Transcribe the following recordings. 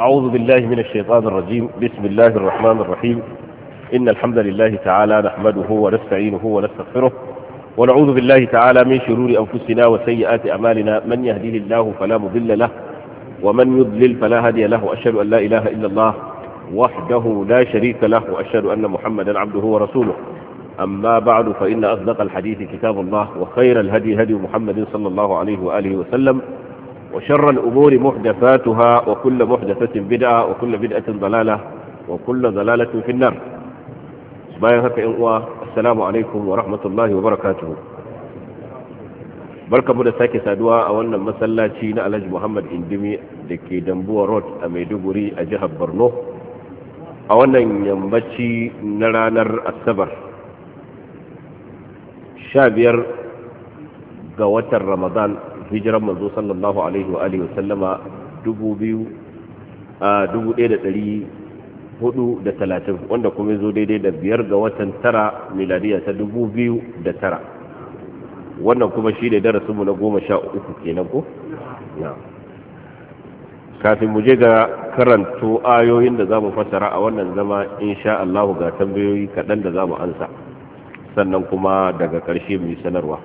أعوذ بالله من الشيطان الرجيم بسم الله الرحمن الرحيم إن الحمد لله تعالى نحمده ونستعينه ونستغفره ونعوذ بالله تعالى من شرور أنفسنا وسيئات أعمالنا من يهديه الله فلا مضل له ومن يضلل فلا هادي له أشهد أن لا إله إلا الله وحده لا شريك له وأشهد أن محمدا عبده ورسوله أما بعد فإن أصدق الحديث كتاب الله وخير الهدي هدي محمد صلى الله عليه وآله وسلم وشر الأمور محدثاتها وكل محدثة بدعة وكل بدعة ضلالة وكل ضلالة في النار باين هكا السلام عليكم ورحمة الله وبركاته barka mu da sake saduwa a wannan masallaci na alhaji muhammad indimi da ke dambuwa road a maiduguri a jihar borno a wannan yammaci na ranar asabar 15 ga watan ramadan hijiran manzo sallallahu alaihi wa alihi wasallama 1430 wanda kuma zo daidai da biyar ga watan tara miladiya ta 2009 wannan kuma shi ne darasinmu na goma sha uku kenan ko? kafin mu je ga karanto ayoyin da za mu fasara a wannan zama insha Allah ga tambayoyi kaɗan da za mu ansa sannan kuma daga ƙarshe mu yi sanarwa.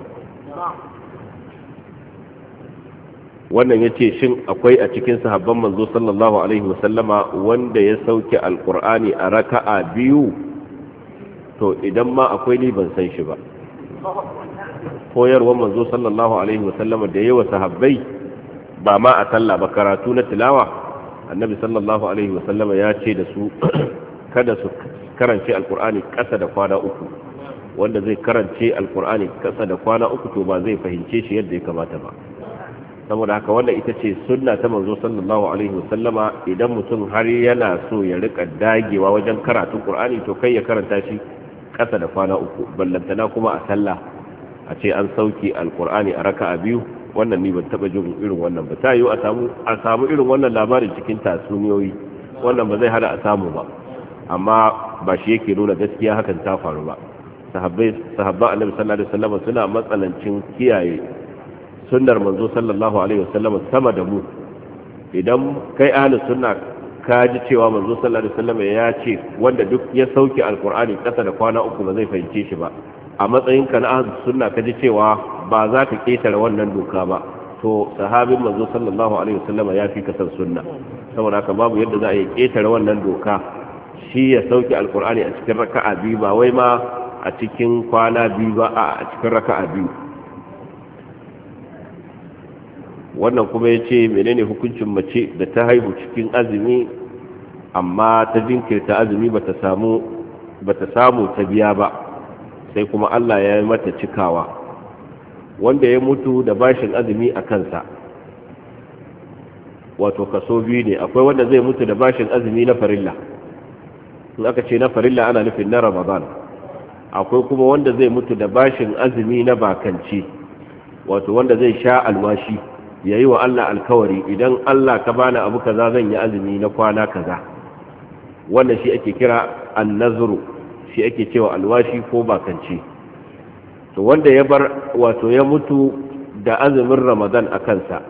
wannan ya ce shin akwai a cikin sahabban manzo sallallahu alaihi wasallama wanda ya sauke alkur'ani a raka'a biyu to idan ma akwai ni ban san shi ba koyarwa manzo sallallahu alaihi wasallama da yawa sahabbai ba ma a sallah ba karatu na tilawa annabi sallallahu alaihi wasallama ya ce da su kada su karance alkur'ani kasa da kwana uku wanda zai karance alkur'ani kasa da kwana uku to ba zai fahimce shi yadda ya kamata ba saboda haka wannan ita ce sunna ta manzo sallallahu alaihi wasallama idan mutum har yana so ya rika dagewa wajen karatun qur'ani to kai ya karanta shi kasa da kwana uku ballantana kuma a sallah a ce an sauki alqur'ani a raka'a biyu wannan ni ban taba jin irin wannan ba tayi a samu a samu irin wannan labarin cikin tasuniyoyi wannan ba zai hada a samu ba amma ba shi yake nuna gaskiya hakan ta faru ba sahabbai sahabba annabi sallallahu alaihi wasallama suna matsalancin kiyaye sunnar manzo sallallahu alaihi wasallam sama da mu idan kai ahli sunna ka ji cewa manzo sallallahu alaihi wasallam ya ce wanda duk ya sauke alqur'ani kasa da kwana uku ba zai fahimce shi ba a matsayin ka na ahli sunna ka ji cewa ba za ka ketare wannan doka ba to sahabin manzo sallallahu alaihi wasallam ya fi ka sunna saboda haka babu yadda za a yi ketare wannan doka shi ya sauke alqur'ani a cikin raka'a biyu ba wai ma a cikin kwana biyu ba a cikin raka'a biyu wannan kuma ya ce menene hukuncin mace da ta haihu cikin azumi amma ta jinkirta azumi ba ta samu ta biya ba sai kuma allah ya yi mata cikawa wanda ya mutu da bashin azumi a kansa wato kaso biyu ne akwai wanda zai mutu da bashin azumi na farilla in aka ce na farilla ana nufin na ramadan akwai kuma wanda zai mutu da bashin azumi na bakanci wato wanda zai sha almashi yayi wa Allah alkawari idan Allah ka bani abu kaza zan yi azumi na kwana kaza wannan shi ake kira annazru shi ake cewa alwashi ko bakanci to wanda ya bar wato ya mutu da azumin Ramadan a kansa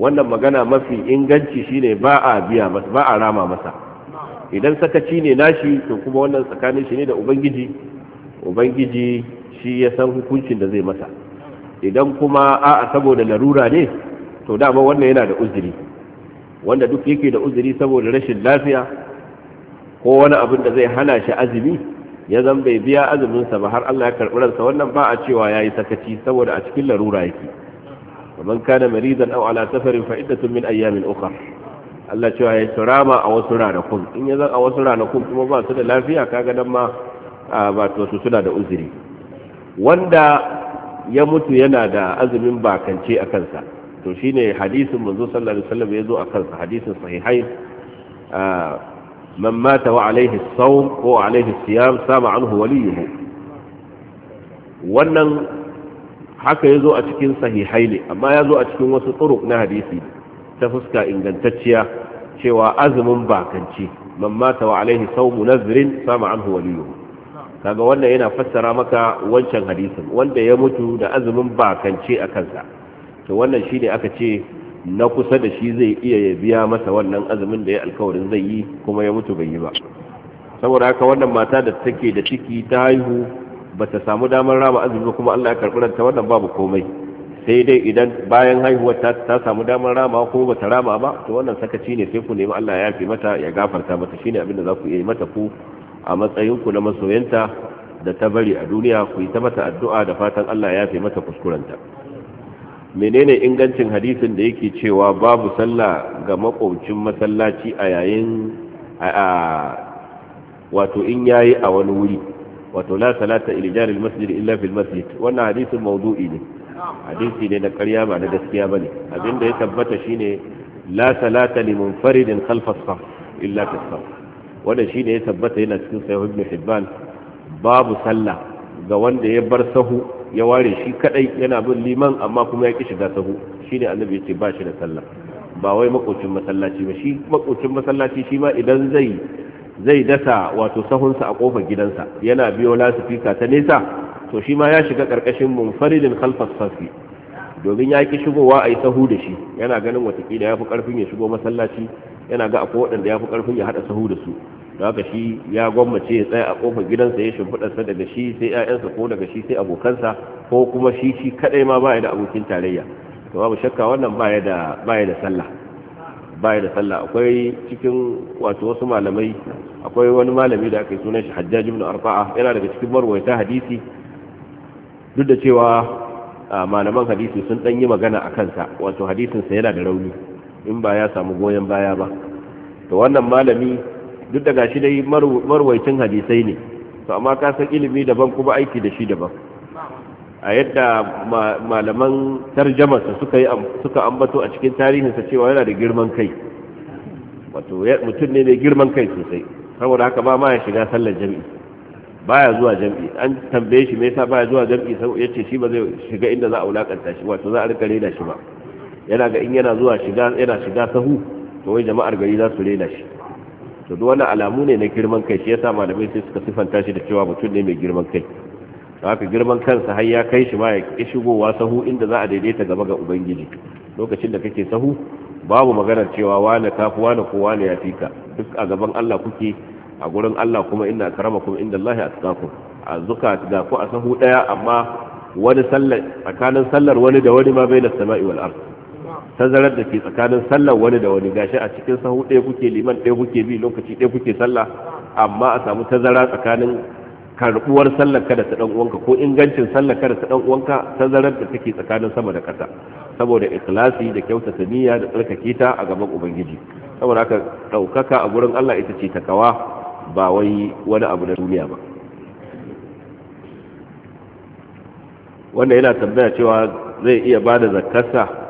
wannan magana mafi inganci shine ba a biya masa ba a rama masa idan sakaci ne nashi to kuma wannan tsakanin shi ne da ubangiji ubangiji shi ya san hukuncin da zai masa idan kuma a'a saboda larura ne to dama wannan yana da uzuri wanda duk yake da uzuri saboda rashin lafiya ko wani abin da zai hana shi azumi ya zan bai biya azuminsa ba har Allah ya karɓi ransa wannan ba a cewa yayi sakaci saboda a cikin larura yake man kana maridan aw ala safarin fa iddatun min ayyamin ukhra Allah cewa ya turama a wasu ranakun in ya zan a wasu ranakun kuma ba su da lafiya kaga dan ma ba to su suna da uzuri wanda ya mutu yana da azumin bakance a kansa to shi ne hadisin manzo sallallahu alaihi wasallam ya zo a kansa hadisin sahihai man mata wa alaihi sawm ko alaihi siyam sama anhu waliyuhu wannan haka ya zo a cikin sahihai ne amma ya zo a cikin wasu turuk na hadisi ta fuska ingantacciya cewa azumin bakance man mata wa alaihi sawm nazrin sama anhu waliyuhu kaga wannan yana fassara maka wancan hadisin wanda ya mutu da azumin bakance a kansa to wannan shine aka ce na kusa da shi zai iya ya biya masa wannan azumin da ya alkawarin zai yi kuma ya mutu bai yi ba saboda haka wannan mata da take da ciki ta haihu ba ta samu damar rama azumi kuma Allah ya karɓi ranta wannan babu komai sai dai idan bayan haihuwar ta, ta samu damar rama ko ba ta rama ba to wannan sakaci ne sai ku nemi Allah ya yafe mata ya gafarta mata shine abin da za ku iya mata ku a matsayinku na masoyanta da ta bari a duniya ku yi ta mata addu'a da fatan Allah ya fi mata kuskurenta menene ingancin hadisin da yake cewa babu sallah ga makwancin masallaci a yayin a wato in yayi a wani wuri wato la salata ila masjid illa fil masjid wannan hadisin mawdu'i ne hadisi ne na ƙarya ba na gaskiya bane abinda ya tabbata shine la salata limunfaridin khalfas saf illa fis saf shi shine ya tabbata yana cikin sahih ibn hibban babu sallah ga wanda ya bar sahu ya ware shi kadai yana bin liman amma kuma ya ki shiga sahu shine annabi yace ba shi da sallah ba wai makocin masallaci ba shi makocin masallaci shi ma idan zai zai dasa wato sahunsa a kofar gidansa yana biyo lasifika ta nesa to shi ma ya shiga karkashin munfaridin khalfas safi domin ya ki shigowa a yi sahu da shi yana ganin watakila ya fi karfin ya shigo masallaci yana ga akwai waɗanda ya fi ƙarfin ya haɗa sahu da su da haka shi ya gwammace ya tsaya a ƙofar gidansa ya shimfiɗarsa daga shi sai 'ya'yansa ko daga shi sai abokansa ko kuma shi shi kaɗai ma baya da abokin tarayya to babu shakka wannan baya da baya da sallah baya da sallah akwai cikin wato wasu malamai akwai wani malami da aka yi sunan shi Hajjaj ibn Arfa'a yana daga cikin marwayata hadisi duk da cewa malaman hadisi sun dan yi magana a kansa wato hadisin sa yana da rauni in ba ya samu goyon baya ba to wannan malami duk da gashi dai marwaitin hadisai ne to amma ka san ilimi daban kuma aiki da shi daban a yadda malaman su suka yi suka ambato a cikin tarihinsa cewa yana da girman kai wato mutum ne mai girman kai sosai saboda haka ba ma ya shiga sallar jami'i baya zuwa jam'i an tambaye shi me yasa baya zuwa jam'i sai yace shi ba zai shiga inda za a wulakanta shi wato za a rika reda shi ba yana ga in yana zuwa shiga yana shiga sahu to wai jama'ar gari za su rena shi to duk wannan alamu ne na girman kai shi yasa malamai sai suka sifanta shi da cewa mutum ne mai girman kai haka girman kansa har ya kai shi ma ya shigowa sahu inda za a daidaita gaba ga ubangiji lokacin da kake sahu babu maganar cewa wane kafi wane ko wane ya fika duk a gaban Allah kuke a gurin Allah kuma inna akramakum inda Allah ya tsaka a zuka ga ku a sahu daya amma wani sallar tsakanin sallar wani da wani ma bai da sama'i wal ardh tazarar da ke tsakanin sallar wani da wani gashi a cikin sahu ɗaya kuke liman ɗaya kuke bi lokaci ɗaya kuke sallah amma a samu tazara tsakanin karbuwar sallar kada ta dan uwanka ko ingancin sallar kada ta dan uwanka tazarar da take tsakanin sama da ƙasa saboda ikhlasi da kyautata niyya da tsarkake ta a gaban ubangiji saboda haka ɗaukaka a gurin Allah ita ce takawa ba wai wani abu na duniya ba wanda yana tambaya cewa zai iya bada zakkarsa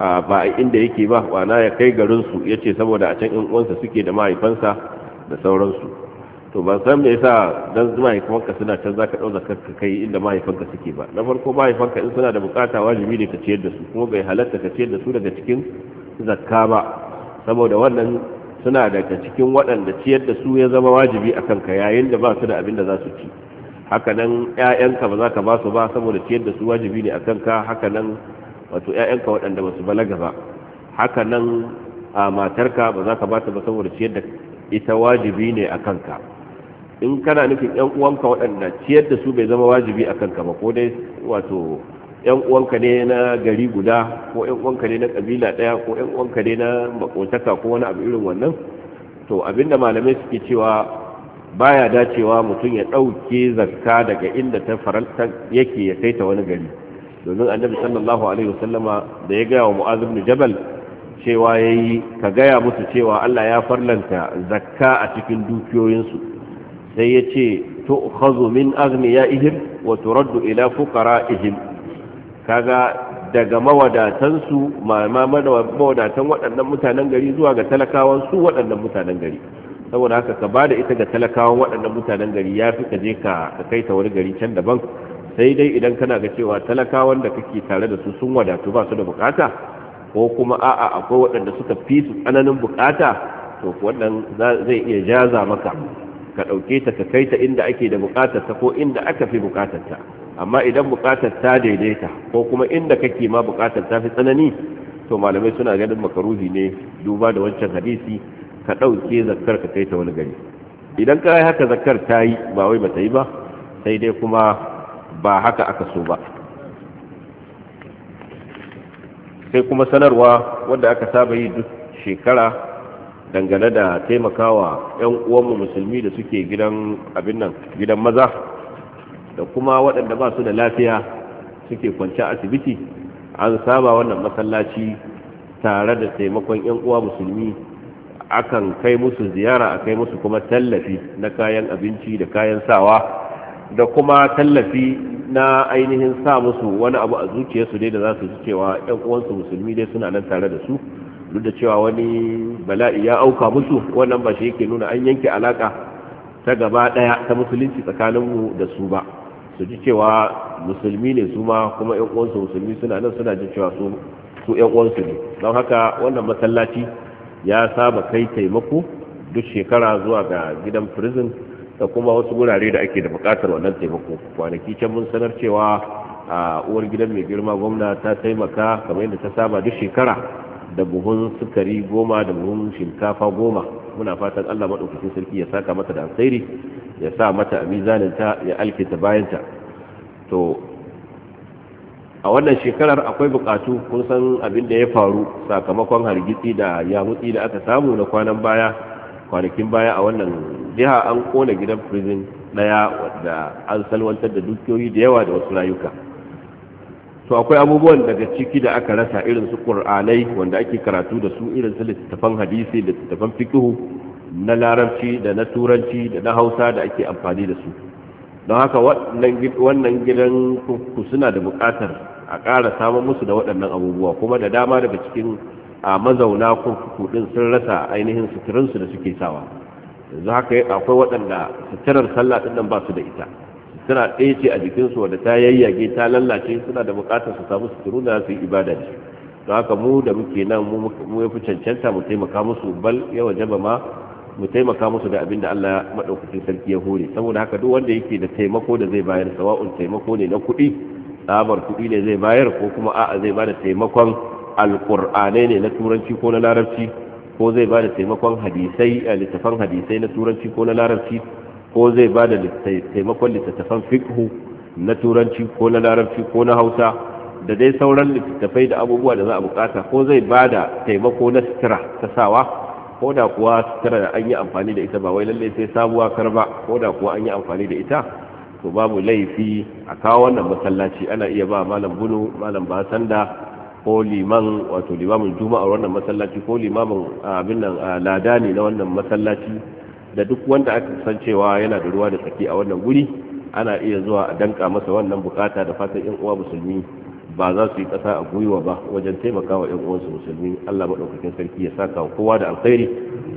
ba a inda yake ba wana ya kai garinsu ya ce saboda a can uwansa suke da mahaifansa da sauransu to ban san me yasa dan mahaifanka suna can zaka dau kai inda mahaifanka suke ba na farko mahaifanka in suna da bukata wajibi ne ka ciyar da su kuma bai halatta ka ciyar da su daga cikin zakka ba saboda wannan suna daga cikin waɗanda ciyar da su ya zama wajibi a kanka yayin da ba su da abin da za su ci hakanan nan ƴaƴanka ba za ka ba su ba saboda ciyar da su wajibi ne a kanka haka wato 'ya'yanka waɗanda ba su balaga ba haka nan a matarka ba za ka ba ta ba saboda ciyar da ita wajibi ne a kanka in kana nufin ƴan uwanka waɗanda ciyar da su bai zama wajibi a kanka ba ko dai wato ƴan uwanka ne na gari guda ko ƴan uwanka ne na ƙabila ɗaya ko ƴan uwanka ne na makotaka ko wani abu irin wannan to abinda malamai suke cewa baya dacewa mutum ya ɗauke zakka daga inda ta faranta yake ya kai ta wani gari domin annabi sallallahu alaihi wasallama da ya gaya wa mu'az ibn jabal cewa yayi ka gaya musu cewa Allah ya farlanta zakka a cikin dukiyoyinsu sai ya ce khazu min ihim wa turaddu ila ihim kaga daga mawadatansu ma mawadatan waɗannan mutanen gari zuwa ga talakawan su waɗannan mutanen gari saboda haka ka bada ita ga talakawan waɗannan mutanen gari ya fi ka je ka kai ta wani gari can daban sai dai idan kana ga cewa talakawan da kake tare da su sun wadatu ba su da bukata ko kuma a'a akwai waɗanda suka fi su tsananin bukata to wannan zai iya jaza maka ka ɗauke ta ka kai ta inda ake da bukatar ta ko inda aka fi bukatar ta amma idan bukatar ta daidaita ko kuma inda kake ma bukatar ta fi tsanani to malamai suna ganin makaruhi ne duba da wancan hadisi ka ɗauke zakkar ka kai ta wani gari idan ka yi haka zakar ta yi ba wai ba ta yi ba sai dai kuma ba haka aka so ba sai kuma sanarwa wanda aka saba yi duk shekara dangane da taimakawa 'yan uwanmu musulmi da suke gidan abin nan gidan maza da kuma waɗanda ba su da lafiya suke kwanci asibiti an saba wannan masallaci tare da taimakon 'yan uwa musulmi akan kai musu ziyara a kai musu kuma tallafi na kayan abinci da kayan sawa da kuma tallafi na ainihin sa musu wani abu a zuciyarsu dai da za su ji cewa yan uwansu musulmi dai suna nan tare da su duk da cewa wani bala'i ya auka musu wannan ba shi yake nuna an yanke alaka ta gaba daya ta musulunci tsakaninmu da su ba su ji cewa musulmi ne su ma kuma yan uwansu musulmi suna nan suna ji cewa su su yan uwansu ne don haka wannan masallaci ya saba kai taimako duk shekara zuwa ga gidan prison da kuma wasu gurare da ake da buƙatar wannan taimako kwanaki can mun sanar cewa a uwar gidan mai girma gwamna ta taimaka kamar yadda ta saba duk shekara da buhun sukari goma da buhun shinkafa goma muna fatan allah maɗaukacin sarki ya saka mata da alsairi ya sa mata a mizaninta ya alkita bayanta to a wannan shekarar akwai bukatu kun san abin da ya faru sakamakon hargitsi da yamutsi da aka samu na kwanan baya kwanakin baya a wannan jiha an kona gidan prison daya wadda an salwantar da dukiyoyi da yawa da wasu rayuka to akwai abubuwan daga ciki da aka rasa irin su qur'anai wanda ake karatu da su irin su littattafan hadisi da littattafan fiqhu na larabci da na turanci da na hausa da ake amfani da su don haka wannan gidan ku suna da bukatar a ƙara samun musu da waɗannan abubuwa kuma da dama daga cikin a mazauna kurkuku din sun rasa ainihin suturinsu da suke sawa yanzu haka akwai waɗanda suturar sallah din nan ba su da ita sutura ɗaya ce a jikinsu wadda ta yayyage ta lallace suna da buƙatar su samu suturu da su yi ibada da don haka mu da muke nan mu ya fi cancanta mu taimaka musu bal ya wajaba ma mu taimaka musu da abin da Allah maɗaukacin sarki ya hore saboda haka duk wanda yake da taimako da zai bayar sawa'un taimako ne na kuɗi tsabar kuɗi ne zai bayar ko kuma a'a zai bada taimakon alkur'anai ne na turanci ko na larabci ko zai ba da taimakon hadisai a eh, littafan hadisai na turanci ko na larabci ko zai ba da taimakon littattafan fikhu na turanci ko na larabci ko na hausa da dai sauran littattafai da abubuwa da za a bukata ko zai ba da taimako na sutura ta sawa ko da kuwa sutura da an yi amfani da ita ba wai lallai sai sabuwa kar ba ko da kuwa an yi amfani da ita to babu laifi a kawo wannan masallaci ana iya ba malam bunu malam basanda ko liman wato limamin juma'a wannan masallaci ko limamin abin nan lada ne na wannan masallaci da duk wanda aka san cewa yana da ruwa da tsaki a wannan guri ana iya zuwa a danka masa wannan bukata da fatan yan uwa musulmi ba za su yi kasa a gwiwa ba wajen taimakawa yan uwansu musulmi Allah madaukakin sarki ya saka kowa da alkhairi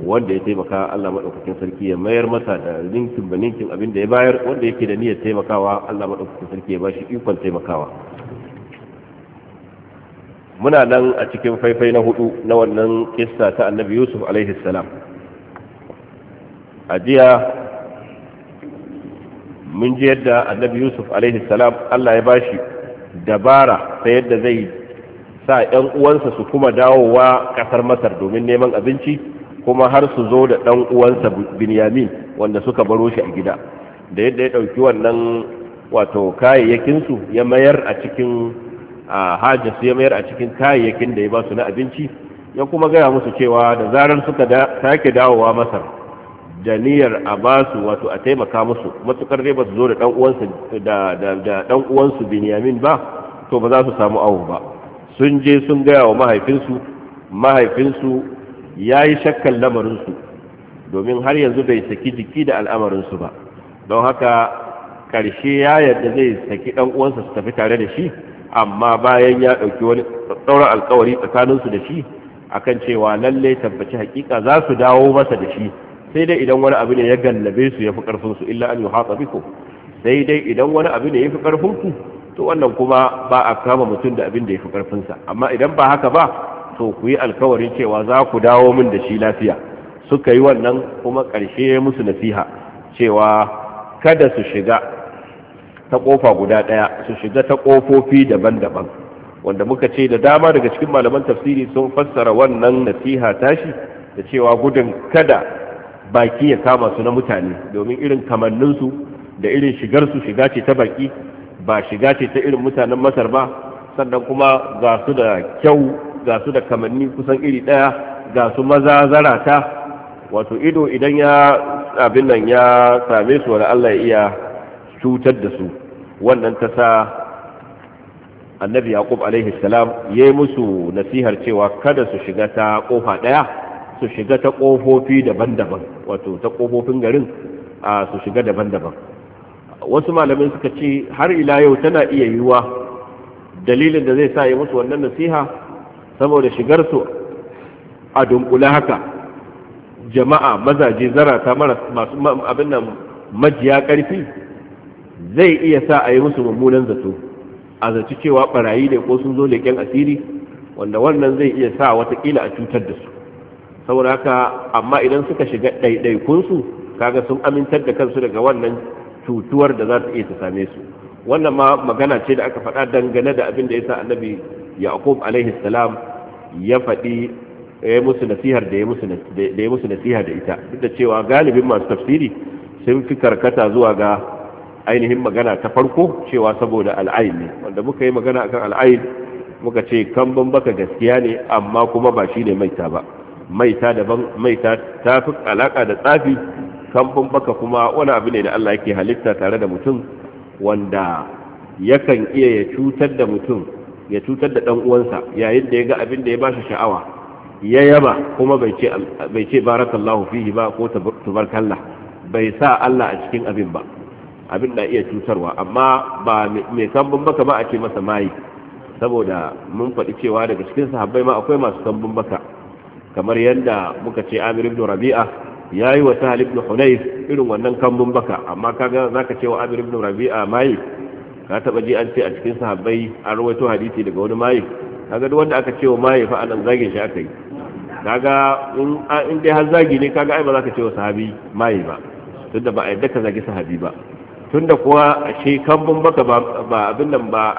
wanda ya taimaka Allah madaukakin sarki ya mayar masa da ninkin ba abin da ya bayar wanda yake da niyyar taimakawa Allah madaukakin sarki ya bashi ikon taimakawa muna nan a cikin faifai na hudu na wannan kista ta annabi yusuf alaihi salam a jiya mun ji yadda annabi yusuf alaihi salam allah ya bashi dabara ta yadda zai sa 'yan uwansa su kuma dawowa kasar masar domin neman abinci kuma har su zo da dan uwansa binyamin wanda suka baro shi a gida da yadda ya ɗauki wannan wato kayayyakinsu ya mayar a cikin A su ya mayar a cikin kayayyakin da ya ba su na abinci ya kuma gaya musu cewa da zarar suka sake dawowa masar da niyyar a ba su wato a taimaka musu matukar dai ba su zo da dan uwansu binyamin ba to ba za su samu awo ba sun je sun gaya wa mahaifinsu mahaifinsu ya yi shakkan lamarinsu domin har yanzu bai saki jiki da al'amarinsu ba don haka ƙarshe ya yarda zai saki ɗan uwansa su tafi tare da shi amma bayan ya ɗauki wani tsauran alkawari tsakaninsu da shi akan cewa lalle tabbaci hakika za su dawo masa da shi sai dai idan wani abu ne ya gallabe su ya fi ƙarfinsu illa an yi hatsa biko sai dai idan wani abu ne ya fi ƙarfinsu to wannan kuma ba a kama mutum da abin da ya fi ƙarfinsa amma idan ba haka ba to ku yi alkawarin cewa za ku dawo min da shi lafiya suka yi wannan kuma ƙarshe musu nasiha cewa kada su shiga ta kofa guda daya su shiga ta kofofi daban-daban wanda muka ce da dama daga cikin malaman tafsiri sun fassara wannan nasiha tashi da cewa gudun kada baki ya kama su na mutane domin irin kamanninsu da irin shigarsu shiga ce ta baki ba shiga ce ta irin mutanen masar ba sannan kuma ga su da kyau ga su da kamanni kusan iri ɗaya ga su maza zarata wato ido idan ya abin nan ya same su wani allah ya iya cutar da su wannan ta sa annabi yaqub alaihi salam yayi musu nasihar cewa kada su shiga ta kofa daya su shiga ta kofofi daban-daban wato ta kofofin garin su shiga daban-daban wasu malamin suka ce har ila yau tana iya yiwuwa dalilin da zai sa yi musu wannan nasiha saboda shigar su a dunkula haka jama'a mazaje zarata masu abin nan majiya karfi zai iya sa a yi musu mummunan zato a zaci cewa barayi ne ko sun zo leƙen asiri wanda wannan zai iya sa watakila a cutar da su saboda amma idan suka shiga ɗaiɗaikunsu kaga sun amintar da kansu daga wannan cutuwar da za ta iya ta same su wannan ma magana ce da aka faɗa dangane da abin da ya sa annabi yaqub alaihi salam ya faɗi ya musu nasihar da ya musu nasiha da ita duk da cewa galibin masu tafsiri sun fi karkata zuwa ga ainihin magana ta farko cewa saboda al'ayin ne wanda muka yi magana akan al'ayin muka ce kamban baka gaskiya ne amma kuma ba shi ne maita ba maita daban maita ta fi alaka da tsafi kamban baka kuma wani abu ne da Allah yake halitta tare da mutum wanda yakan iya ya cutar da mutum ya cutar da dan uwansa yayin da ya ga abin da ya bashi sha'awa ya yaba kuma bai ce bai ce barakallahu fihi ba ko tabarakallah bai sa Allah a cikin abin ba abin da iya cutarwa amma ba mai kambun baka ba a ce masa mayi saboda mun faɗi cewa daga cikin sahabbai ma akwai masu kambun baka kamar yadda muka ce amir ibn rabi'a ya yi wa sahal ibn hunayf irin wannan kambun baka amma kaga zaka ce wa amir ibn rabi'a mayi ka taba ji an ce a cikin sahabbai an rawaito hadisi daga wani mayi kaga duk wanda aka ce wa mayi fa anan zagin shi aka yi kaga in dai har zagi ne kaga ai ba za ka ce wa sahabi mayi ba tunda ba a yadda ka zagi sahabi ba tunda kuwa ashe kambun baka ba abin nan ba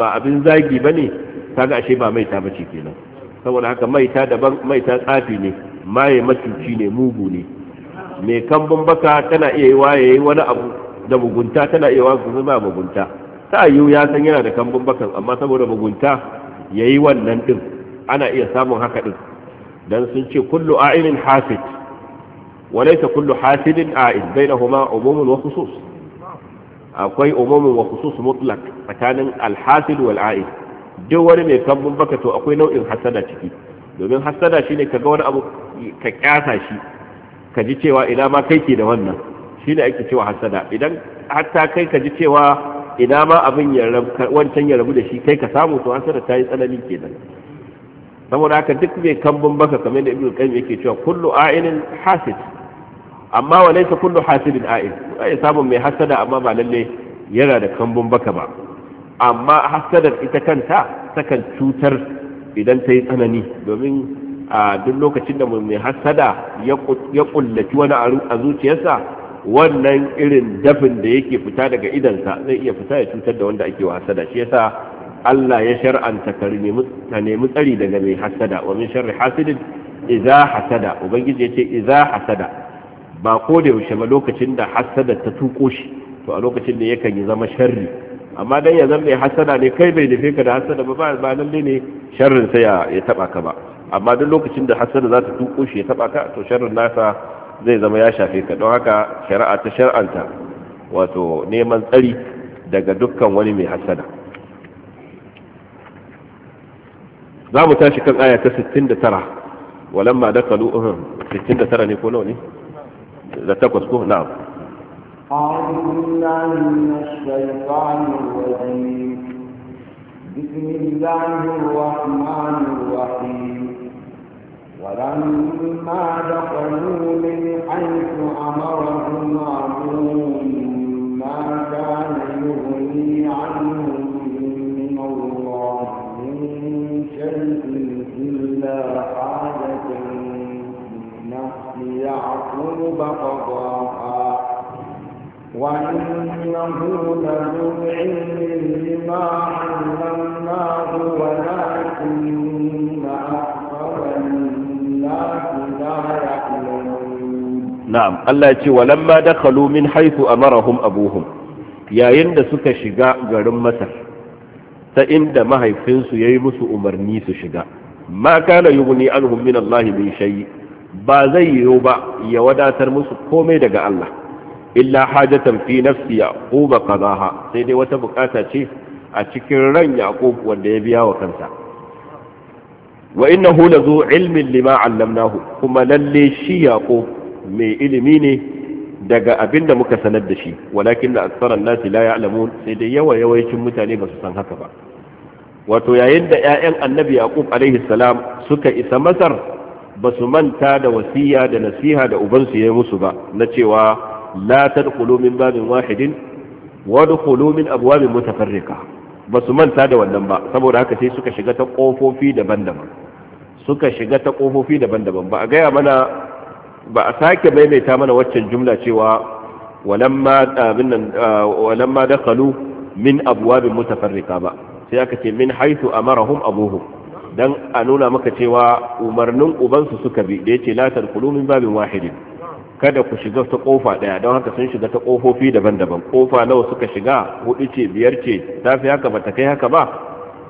ba abin zagi bane kaga ashe ba maita bace kenan saboda haka maita daban maita tsafi ne maye macuci ne mugu ne mai kambun baka tana iya yi waye wani abu da mugunta tana iya wasu zama mugunta ta yi ya san yana da kambun baka amma saboda mugunta yayi wannan din ana iya samun haka din dan sun ce kullu a'inin hasid kullu hasidin حاسد bainahuma بينهما wa khusus akwai umumin wa khusus mutlak tsakanin alhasil wal a'id duk wani mai kambun baka to akwai nau'in hasada ciki domin hasada shine kaga wani abu ka kyasa shi ka ji cewa ina ma kai ke da wannan shine ake cewa hasada idan hatta kai ka ji cewa ina ma abin ya wancan ya rabu da shi kai ka samu to hasada ta yi tsanani kenan saboda haka duk mai kambun baka kamar da ibnu qayyim yake cewa kullu a'inin hasid amma wa laysa kullu hasidin a'id ai samun mai hasada amma ba lalle yana da kambun baka ba amma hasadar ita kanta takan cutar idan tayi tsanani domin a duk lokacin da mai hasada ya kullaci wani a zuciyarsa wannan irin dafin da yake fita daga idansa zai iya fita ya cutar da wanda ake wa hasada shi yasa Allah ya shar'anta ka nemi tsari daga mai hasada wa min sharri hasidin idza hasada ubangiji yace idza hasada ba ko da yaushe ba lokacin da hasada ta tuko shi to a lokacin da yakan yi zama sharri amma dan ya zama mai hasada ne kai bai nufe ka da hasada ba ba ba lalle ne sharrin sa ya taba ka ba amma duk lokacin da hasada za ta tuko shi ya taba ka to sharrin nasa zai zama ya shafe ka don haka shari'a ta shar'anta wato neman tsari daga dukkan wani mai hasada za mu tashi kan aya ta 69 walamma dakalu 69 uh-huh, ne ko nawa ne لا takwas ko نعم أعوذ بالله من الشيطان الرجيم بسم الله الرحمن الرحيم ولما دخلوا من حيث أمرهم أبوهم ما كان يغني عنهم من الله من شيء إلا حاجة يعقوب قضاها وإنه لذو علم لما علمناه ولكن نعم الله يقول ولما دخلوا من حيث أمرهم أبوهم يا يند سك شجاع مثل فان فإند ما هيفنس يمس أمرني سشجاع ما كان يغني عنهم من الله من شيء ba zai yiwu ba ya wadatar musu komai daga Allah illa hajatan fi nafsi yaqub qadaha sai dai wata bukata ce a cikin ran yaqub wanda ya biya wa kansa wa innahu lazu ilmin lima allamnahu kuma lalle shi yaqub mai ilimi ne daga abinda muka sanar da shi walakin da aksaran nasi la ya'lamun sai dai yawa yawaicin mutane ba su san haka ba wato yayin da 'ya'yan annabi yaqub alaihi salam suka isa masar ba su manta da wasiya da nasiha da ubansu ya yi musu ba na cewa la tadkhulu min babin wahidin wa dkhulu min abwabin mutafarriqa ba su manta da wannan ba saboda haka sai suka shiga ta kofofi daban-daban suka shiga ta kofofi daban-daban ba a gaya mana ba a sake maimaita mana waccan jumla cewa walamma abin nan walamma dakhalu min abwabin mutafarriqa ba sai aka ce min haythu amarahum abuhum dan a nuna maka cewa umarnin ubansu suka bi da yace ce latar babin wahidin kada ku shiga ta kofa daya don haka sun shiga ta kofofi daban-daban kofa nawa suka shiga hudu ce biyar ce ta fi haka ba ta kai haka ba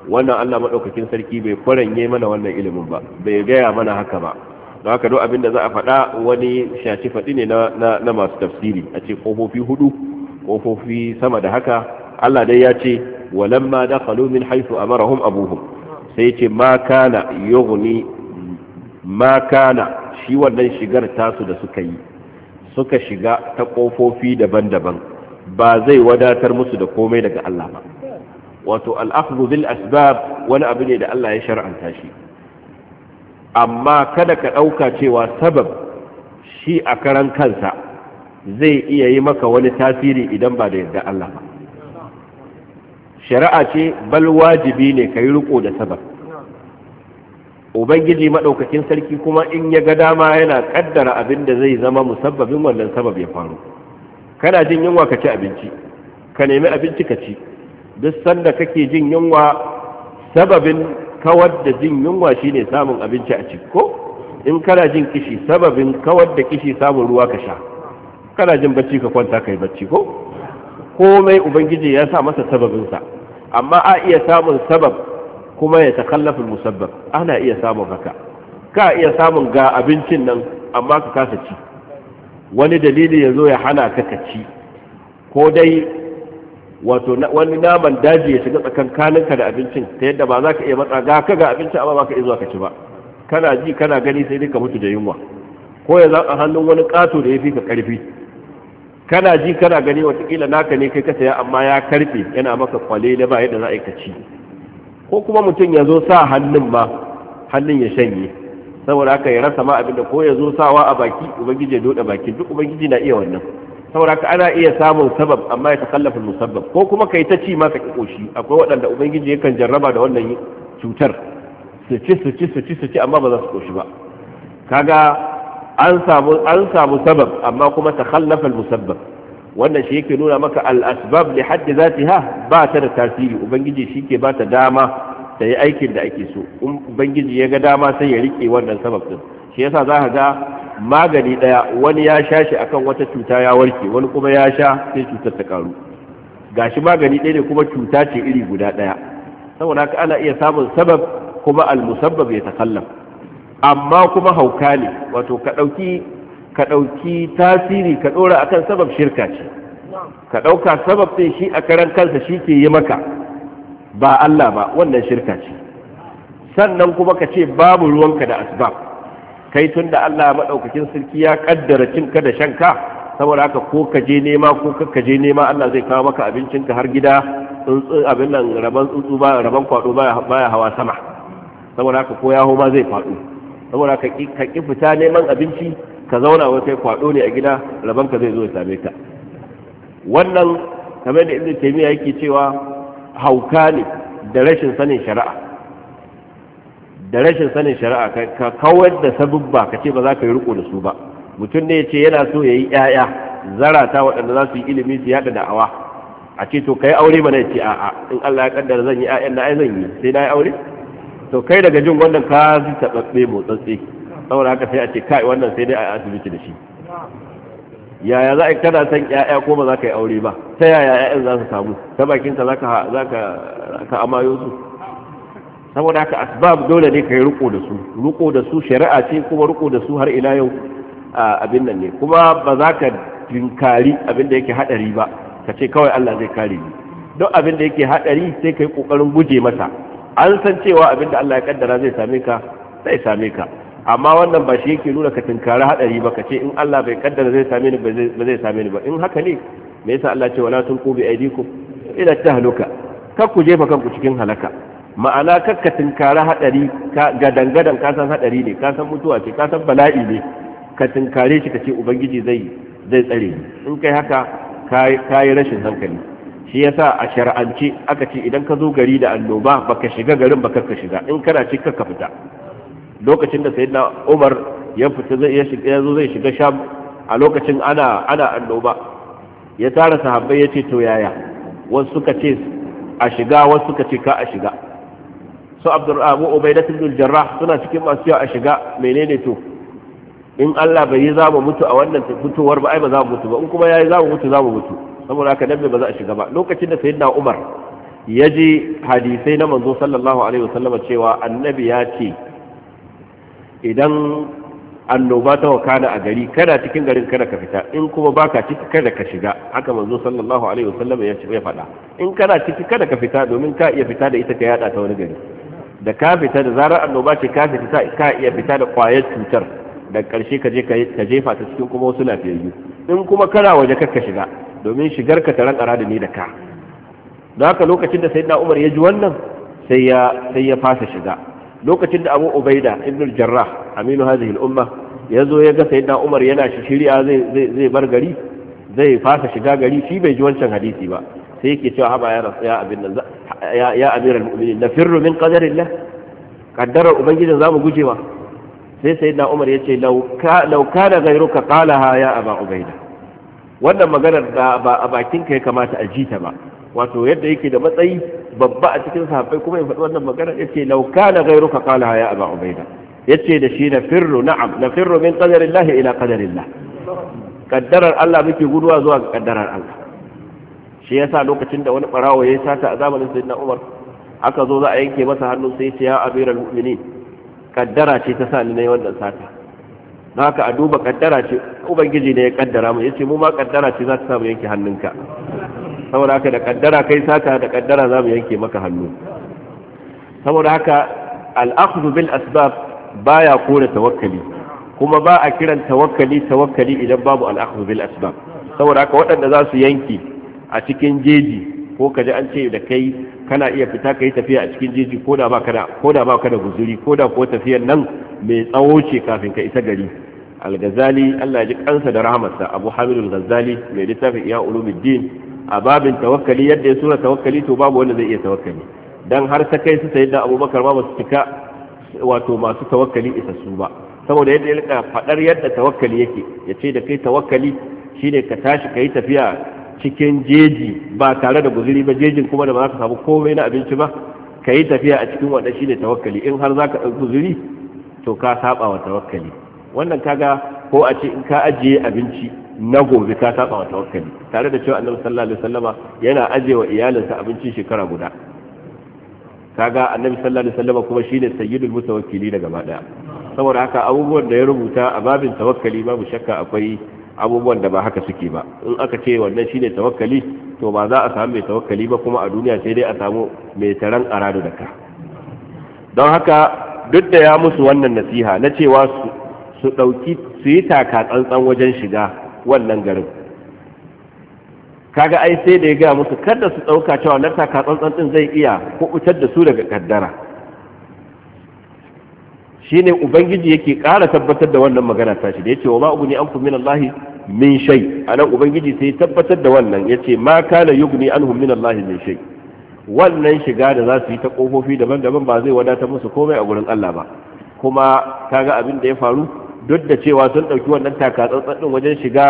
wannan Allah madaukakin sarki bai faranye mana wannan ilimin ba bai gaya mana haka ba don haka duk abin da za a faɗa wani shaci faɗi ne na masu tafsiri a ce kofofi hudu kofofi sama da haka Allah dai ya ce walamma dakhalu min haythu amarahum abuhum sai ce ma kana yughni ma kana shi wannan shigar tasu da suka yi suka shiga ta kofofi daban-daban ba zai wadatar musu da komai daga Allah ba wato al-akhdhu bil asbab wani abu ne da Allah ya shar'anta shi amma kada ka dauka cewa sabab shi a karan kansa zai iya yi maka wani tasiri idan ba da yarda Allah ba shari'a ce bal wajibi ne ka yi riko da sabab ubangiji maɗaukakin sarki kuma in ya ga dama yana ƙaddara abin da zai zama musabbabin wannan sabab ya faru kana jin yunwa ka ci abinci ka nemi abinci ka ci duk sanda kake jin yunwa sababin kawar da jin yunwa shine samun abinci a ci ko in kana jin kishi sababin kawar da kishi samun ruwa ka sha kana jin bacci ka kwanta kai bacci ko komai ubangiji ya sa masa sababinsa amma a iya samun sabab kuma ya takallafa musabbab ana iya samun haka ka iya samun ga abincin nan amma ka kasa ci wani dalili ya zo ya hana ka ka ci ko dai wato wani naman daji ya shiga tsakankaninka da abincin ta yadda ba za ka iya matsa ga ka ga abincin amma ba ka iya zuwa ka ci ba kana ji kana gani sai dai ka mutu da yunwa ko ya a hannun wani ƙato da ya fi ka ƙarfi kana ji kana gani watakila naka ne kai ka saya amma ya karfe yana maka kwale da ba yadda za a ci ko kuma mutum ya zo sa hannun ma hannun ya shanye saboda haka ya rasa ma abinda ko ya zo sawa a baki ubangiji ya doda baki duk ubangiji na iya wannan saboda haka ana iya samun sabab amma ya takallafa musabbab ko kuma kai ta ci ma ka koshi akwai waɗanda ubangiji yakan jarraba da wannan cutar su su ci su ci su ci amma ba za su koshi ba kaga an samu sabab amma kuma takhallafa al-musabbab wannan shi yake nuna maka al-asbab li za ta ba ta da tasiri ubangiji shi ke ba ta dama ta yi aikin da ake so in ubangiji ya ga dama sai ya rike wannan sabab din shi yasa za ka ga magani daya wani ya sha shi akan wata cuta ya warke wani kuma ya sha sai cutar ta karu gashi magani ɗaya ne kuma cuta ce iri guda ɗaya saboda haka ana iya samun sabab kuma al-musabbab ya takallaf amma kuma hauka ne wato ka ɗauki tasiri ka ɗora akan sabab shirka ce ka ɗauka sabab sai shi a karan kansa shi ke yi maka ba Allah ba wannan shirka ce sannan kuma ka ce babu ruwanka da asbab kai tun da Allah maɗaukakin sarki ya ƙaddara cinka da shanka saboda haka ko ka je nema ko ka je nema Allah zai kawo maka abincinka har gida tsuntsun abin nan rabon tsuntsu ba rabon kwado ya hawa sama saboda haka ko yaho ma zai faɗo saboda ka ƙi fita neman abinci ka zauna wata kai ne a gida rabon ka zai zo ya same ka wannan kamar da ibnu miya yake cewa hauka ne da rashin sanin shari'a da rashin sanin shari'a ka kawar da sabubba ka ce ba za ka yi riko da su ba mutum ne ya ce yana so ya yi ƴaƴa zarata waɗanda za su yi ilimi su yaɗa da'awa a ce to ka yi aure mana ce a'a in Allah ya kaddara zan yi ƴaƴan na ai zan yi sai na yi aure to kai daga jin wannan ka zai taɓaɓɓe motsatsi saboda haka sai a ce kai wannan sai dai a asibiti da shi yaya za a kana san ƴaƴa ko ba za ka yi aure ba ta yaya ƴaƴan za su samu ta bakin ka zaka zaka ka amayo su saboda haka asbab dole ne kai riko da su riko da su shari'a ce kuma riko da su har ila yau abin nan ne kuma ba za ka tinkari abin da yake hadari ba ka ce kawai Allah zai kare ni don abin da yake hadari sai kai kokarin guje masa an san cewa abin da Allah ya kaddara zai same ka zai same ka amma wannan ba shi yake nuna ka tinkari hadari ba ka ce in Allah bai kaddara zai same ni ba zai same ni ba in haka ne me yasa Allah ce wala tulqu bi aydikum ila tahluka kar ku jefa kanku cikin halaka ma'ana kar ka tinkari hadari ka gadangadan ka san hadari ne ka san mutuwa ce ka san bala'i ne ka tinkare shi ka ce ubangiji zai zai tsare ni in kai haka kai rashin hankali shi yasa a shar'ance aka ce idan ka zo gari da annoba baka shiga garin baka ka shiga in kana ci ka fita lokacin da sayyidina Umar ya fita zai ya shiga yazo zai shiga Sham a lokacin ana ana annoba ya tara sahabbai yace to yaya wasu suka ce a shiga wasu suka ce ka a shiga su Abdul Abu Ubaidah ibn Jarrah suna cikin masu a shiga menene to in Allah bai yi za mu mutu a wannan fitowar ba ai ba za mu mutu ba in kuma yayi za mu mutu za mu mutu saboda haka nan ba za a shiga ba lokacin da sayyidina Umar ya ji hadisai na manzo sallallahu alaihi wasallam cewa annabi ya ce idan annoba ta wakana a gari kana cikin garin kada ka fita in kuma baka ciki kada ka shiga haka manzo sallallahu alaihi wasallam ya ce ya faɗa in kana ciki kada ka fita domin ka iya fita da ita ka yada ta wani gari da ka fita da zarar annoba ce ka fita ka iya fita da kwayar cutar da karshe ka je ka jefa ta cikin kuma wasu lafiyayyu in kuma kana waje ka shiga domin shigar ka taran ƙara da ni da ka don haka lokacin da sayyidina umar ya ji wannan sai ya sai ya fasa shiga lokacin da abu ubaida ibn jarrah aminu hadhihi al-umma ya zo ya ga sayyidina umar yana shirya zai zai bar gari zai fasa shiga gari shi bai ji wancan hadisi ba sai yake cewa haba ya rasu ya abin nan ya ya amiral mu'minin na firru min qadarillah za mu guje wa sai sayyidina umar ya yace law ka law kana ghayruka qalaha ya aba ubaida wannan maganar da ba a bakin ka ya kamata a ji ta ba wato yadda yake da matsayi babba a cikin sahabbai kuma ya faɗi wannan maganar yace law kana ghayruka qala ya aba ubaida yace da shi na firru na'am na firru min qadarillahi ila qadarillah kaddarar Allah muke guduwa zuwa ga kaddarar Allah shi yasa lokacin da wani barawo ya sata a zamanin sayyidina Umar aka zo za a yanke masa hannu sai ya ce ya amiral mu'minin kaddara ce ta sa ni yi wannan sata haka a duba kaddara ce ubangiji ne ya kaddara mu yace mu ma kaddara ce za ta samu yanke hannunka saboda haka da kaddara kai sata da kaddara za mu yanke maka hannu saboda haka al-akhdhu bil asbab baya kore tawakkali kuma ba a kiran tawakkali tawakkali idan babu al-akhdhu bil asbab saboda haka waɗanda za su yanki a cikin jeji ko kaji an ce da kai kana iya fita kai tafiya a cikin jeji ko da ba ka da guzuri ko da ko tafiyar nan mai tsawo ce kafin ka isa gari al-ghazali Allah ya ji kansa da rahmarsa abu hamidul al-ghazali mai littafin iya ulumuddin a babin tawakkali yadda ya sura tawakkali to babu wanda zai iya tawakkali dan har ta kai su sayyidina abubakar ba su cika wato masu tawakkali isa su ba saboda yadda ya rika fadar yadda tawakkali yake ya ce da kai tawakkali shine ka tashi ka yi tafiya cikin jeji ba tare da guzuri ba jejin kuma da ba za ka samu komai na abinci ba ka yi tafiya a cikin wannan shine tawakkali in har za ka ɗauki guzuri to ka saba wa tawakkali wannan kaga ko a ce in ka ajiye abinci na gobe ka saba wa tawakkali tare da cewa annabi sallallahu alaihi wasallama yana wa iyalinsa abincin shekara guda kaga annabi sallallahu alaihi wasallama kuma shine sayyidul mutawakkili da gaba daya saboda haka abubuwan da ya rubuta a babin tawakkali babu shakka akwai abubuwan da ba haka suke ba in aka ce wannan shine tawakkali to ba za a samu mai tawakkali ba kuma a duniya sai dai a samu mai taran aradu da ka don haka duk da ya musu wannan nasiha na cewa su ɗauki su yi taka tsantsan wajen shiga wannan garin kaga ai sai da ya gaya musu kada su ɗauka cewa na taka tsantsan ɗin zai iya kuɓutar da su daga kaddara shi ne ubangiji yake ƙara tabbatar da wannan magana ta shi da ya ce wa ne an fi min allahi min shai a nan ubangiji sai tabbatar da wannan ya ce ma kana yugni an min lahi min shai wannan shiga da za su yi ta ƙofofi daban-daban ba zai wadatar musu komai a gurin allah ba kuma kaga abin da ya faru duk da cewa sun ɗauki wannan takatsantsan ɗin wajen shiga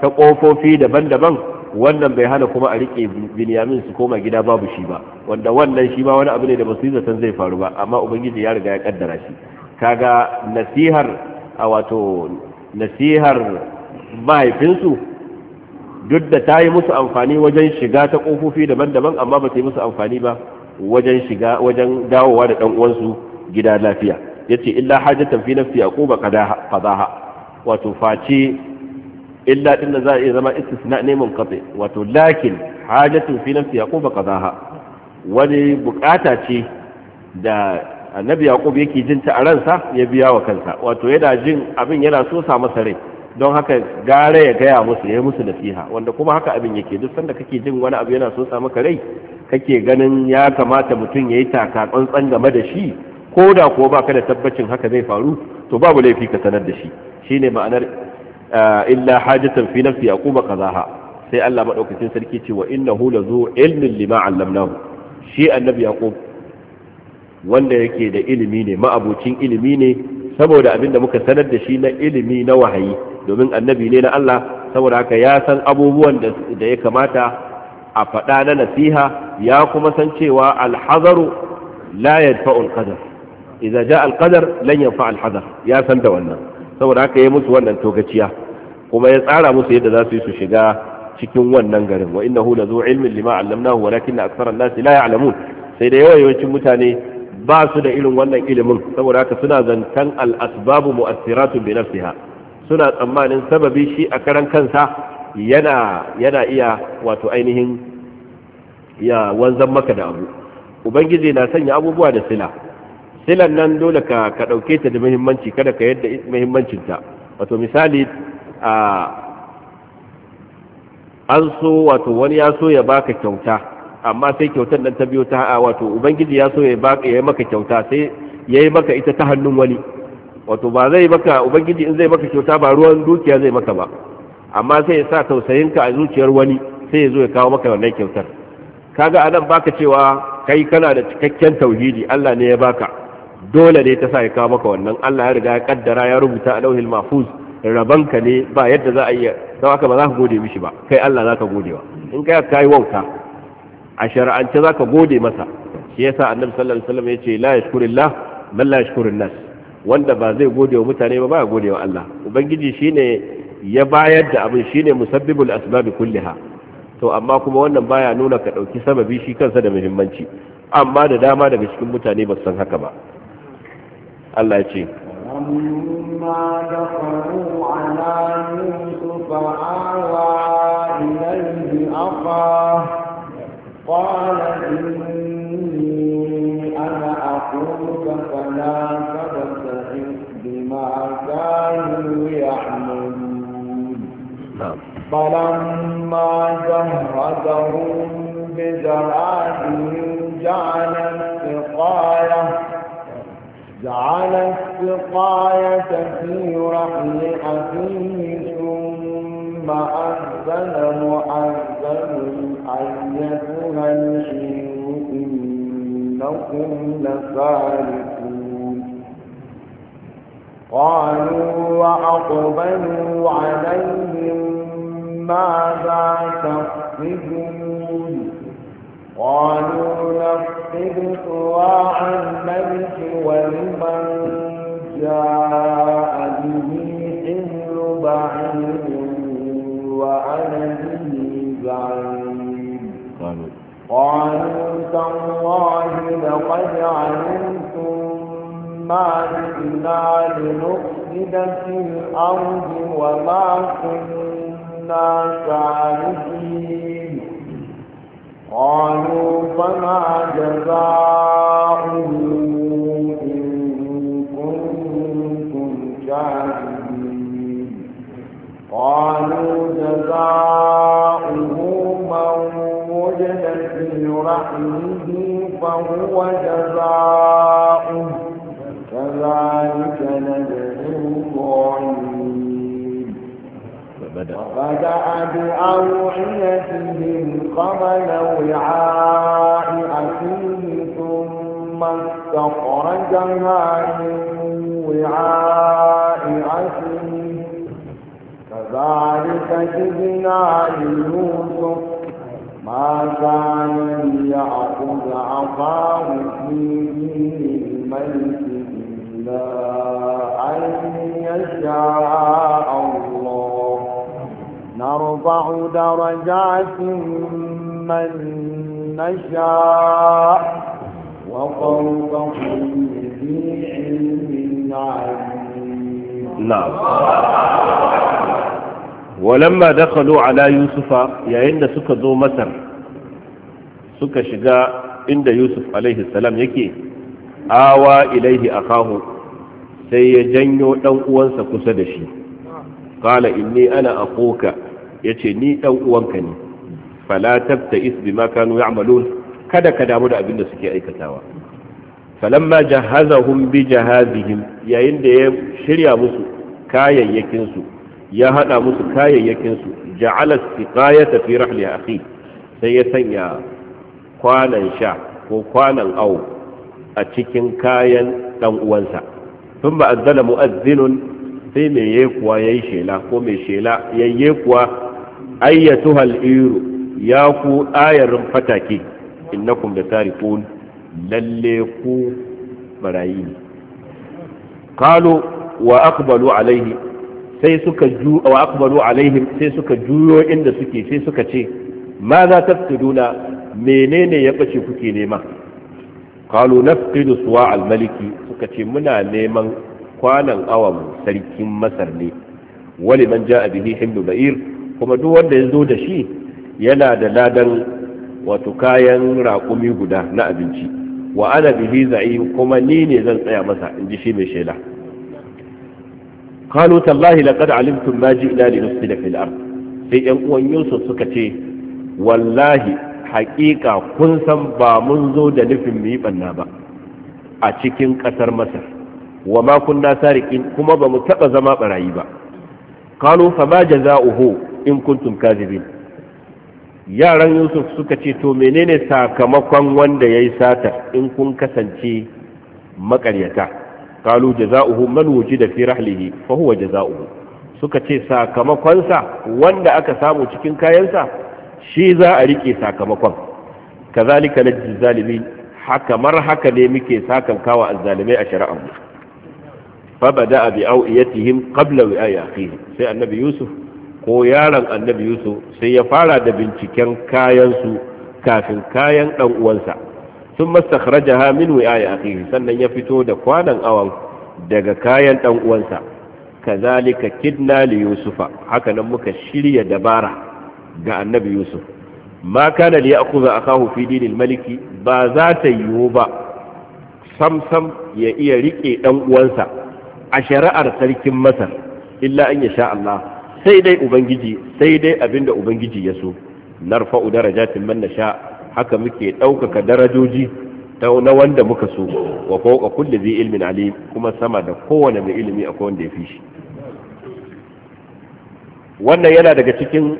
ta ƙofofi daban-daban wannan bai hana kuma a riƙe binyamin su koma gida babu shi ba wanda wannan shi ma wani abu ne da basu yi zaton zai faru ba amma ubangiji ya riga ya kaddara shi kaga nasihar a wato nasihar mahaifinsu duk da ta yi musu amfani wajen shiga ta ƙofofi daban-daban amma ba ta yi musu amfani ba wajen shiga wajen dawowa da ɗan uwansu gida lafiya ya ce illa hajjatan fi nafsi yaquba qadaha wato face illa din da za a iya zama istisna ne mun kafe wato lakin hajjatan fi nafsi yaquba qadaha wani bukata ce da annabi yaqub yake jin ta a ransa ya biya wa kansa wato yana jin abin yana so sa masa rai don haka gara ya gaya musu ya musu nasiha wanda kuma haka abin yake duk sanda kake jin wani abu yana so sa maka rai kake ganin ya kamata mutum ya yi taka tsantsan game da shi ko da kuwa baka da tabbacin haka zai faru to babu laifi ka sanar da shi shine ma'anar ah, illa hajjatan fi nafsi yaquba kazaha sai Allah madaukakin sarki ce wa innahu lazu ilmin lima allamnahu shi annabi yaqub wanda yake da ilimi ne ma'abucin ilimi ne saboda abin da muka sanar da shi na ilimi na wahayi domin annabi ne na Allah saboda haka ya san abubuwan da ya kamata a faɗa na nasiha ya kuma san cewa alhazaru la yadfa'ul qadar idan ja alqadar lan yanfa alhadar ya san da wannan saboda haka ya musu wannan togaciya kuma ya tsara musu yadda za su yi su shiga cikin wannan garin wa hula lazu ilmin lima allamnahu walakinna na an-nasi la ya'lamun sai da yawancin mutane ba su da irin wannan ilimin saboda haka suna zantan al-asbabu mu'assiratun bi nafsiha suna tsammanin sababi shi a karan kansa yana yana iya wato ainihin ya wanzan maka da abu ubangiji na sanya abubuwa da sila silan nan dole ka ka dauke ta da muhimmanci kada ka yadda muhimmancin ta wato misali a an so wato wani ya so ya baka kyauta amma sai kyautar nan ta biyo ta a wato ubangiji ya so ya baka yayi maka kyauta sai yayi maka ita ta hannun wani wato ba zai maka ubangiji in zai maka kyauta ba ruwan dukiya zai maka ba amma sai ya sa tausayinka a zuciyar wani sai ya zo ya kawo maka wannan kyautar kaga anan baka cewa kai kana da cikakken tauhidi Allah ne ya baka dole ne ta sa ya kawo maka wannan Allah ya riga ya kaddara ya rubuta a lauhil mahfuz rabanka ne ba yadda za a yi don haka ba za ka gode mishi ba kai Allah za ka gode wa in kai ka yi wauta a shari'ance za ka gode masa shi yasa annabi sallallahu alaihi wasallam yace la yashkurillah man la yashkurun nas wanda ba zai gode wa mutane ba ba gode wa Allah ubangiji shine ya bayar da abin shine musabbibul asbab kulliha to amma kuma wannan baya nuna ka dauki sababi shi kansa da muhimmanci amma da dama daga cikin mutane ba san haka ba الله ya ce دخلوا على يوسف آوى إليه أخاه قال إني أنا أخوك فلا تبتئس بما كانوا يحملون نعم. فلما جهزهم بجراحهم جعل السقايه جعل السقاية في رحل أخيه ثم أذن مؤذن أيتها الحين إنكم لفارقون قالوا وأقبلوا عليهم ماذا تقصدون قالوا نفقد صواع الملك ولمن جاء به حمل بعيد وأنا به بعيد قالوا تالله لقد علمتم ما جئنا لنفسد في الأرض وما كنا تعرفين قالوا فما جزاؤه إن كنتم شاهدين قالوا جزاؤه من وجد في رحمه فهو جزاؤه كذلك نجزي الظالمين وبدأ بأوعيتهم قبل وعاء أخيه ثم استخرجها من وعاء أخيه كذلك جبنا ليوسف ما كان ليأخذ أخاه في دين الملك إلا أن يشاء الله نرفع درجات من نشاء وفوق كل ذي علم عليم نعم ولما دخلوا على يوسف يا إن سكزوا مصر suka shiga inda yusuf alaihi salam yake awa ilaihi akahu sai ya janyo ɗan'uwansa kusa da shi qala inni ana aquka yace ni dan uwanka ne fala is bima kanu ya'malun kada ka damu da abin da suke aikatawa falamma jahazahum bi jahazihim yayin da ya shirya musu kayayyakin su ya hada musu kayayyakin su ja'ala siqayata fi rahli akhi sai ya sanya kwanan sha ko kwanan au a cikin kayan dan uwansa thumma azzala mu'azzinun sai mai yekuwa yi shela ko mai shela yayye kuwa ayyatuhal iru ya ku ayarin fatake innakum da tarifun lalle ku barayi ne kalo wa akbalu alaihi sai suka ju wa alaihim sai suka juyo inda suke sai suka ce ma za ta tafsiduna menene ya bace kuke nema kalu nafqidu suwa almaliki suka ce muna neman kwanan awam sarkin masar ne wali man ja'a bihi himlu ba'ir kuma duk wanda ya zo da shi yana da ladan wato kayan raƙumi guda na abinci wa ana bihi za'im kuma ni ne zan tsaya masa in ji shi mai shaida qalu tallahi laqad alimtum ma ji'na li nufsida fil ard sai yan uwan yusuf suka ce wallahi haƙiƙa kun san ba mun zo da nufin mu yi banna ba a cikin ƙasar masar wa ma kunna sariqin kuma ba mu taɓa zama barayi ba qalu fa ma jaza'uhu in kuntum kadhibin yaran yusuf suka ce to menene sakamakon wanda ya yi sata in kun kasance makaryata kalu jaza'uhu man wujida fi rahlihi fa huwa jaza'uhu suka ce sakamakonsa wanda aka samu cikin kayansa shi za a rike sakamakon kazalika na zalimin haka mar haka ne muke sakankawa azzalimai a shari'ar mu fa bada bi awiyatihim qabla wi'ayi akhihi sai annabi yusuf ko yaron annabi yusuf sai ya fara da binciken kayansu kafin kayan dan uwansa sun ha min wi'ayi akhihi sannan ya fito da kwanan awan daga kayan dan uwansa kazalika kidna li yusufa haka nan muka shirya dabara ga annabi yusuf ma kana li ya'khudha akahu fi dinil maliki ba za ta yiwu ba samsam ya iya rike dan uwansa a shari'ar sarkin masar illa an yasha Allah sai dai ubangiji sai dai abinda ubangiji ya so narfa'u darajatin man nasha haka muke ɗaukaka darajoji ta na wanda muka so wa fawqa kulli zai ilmin alim kuma sama da kowane mai ilimi akwai wanda ya fi shi wannan yana daga cikin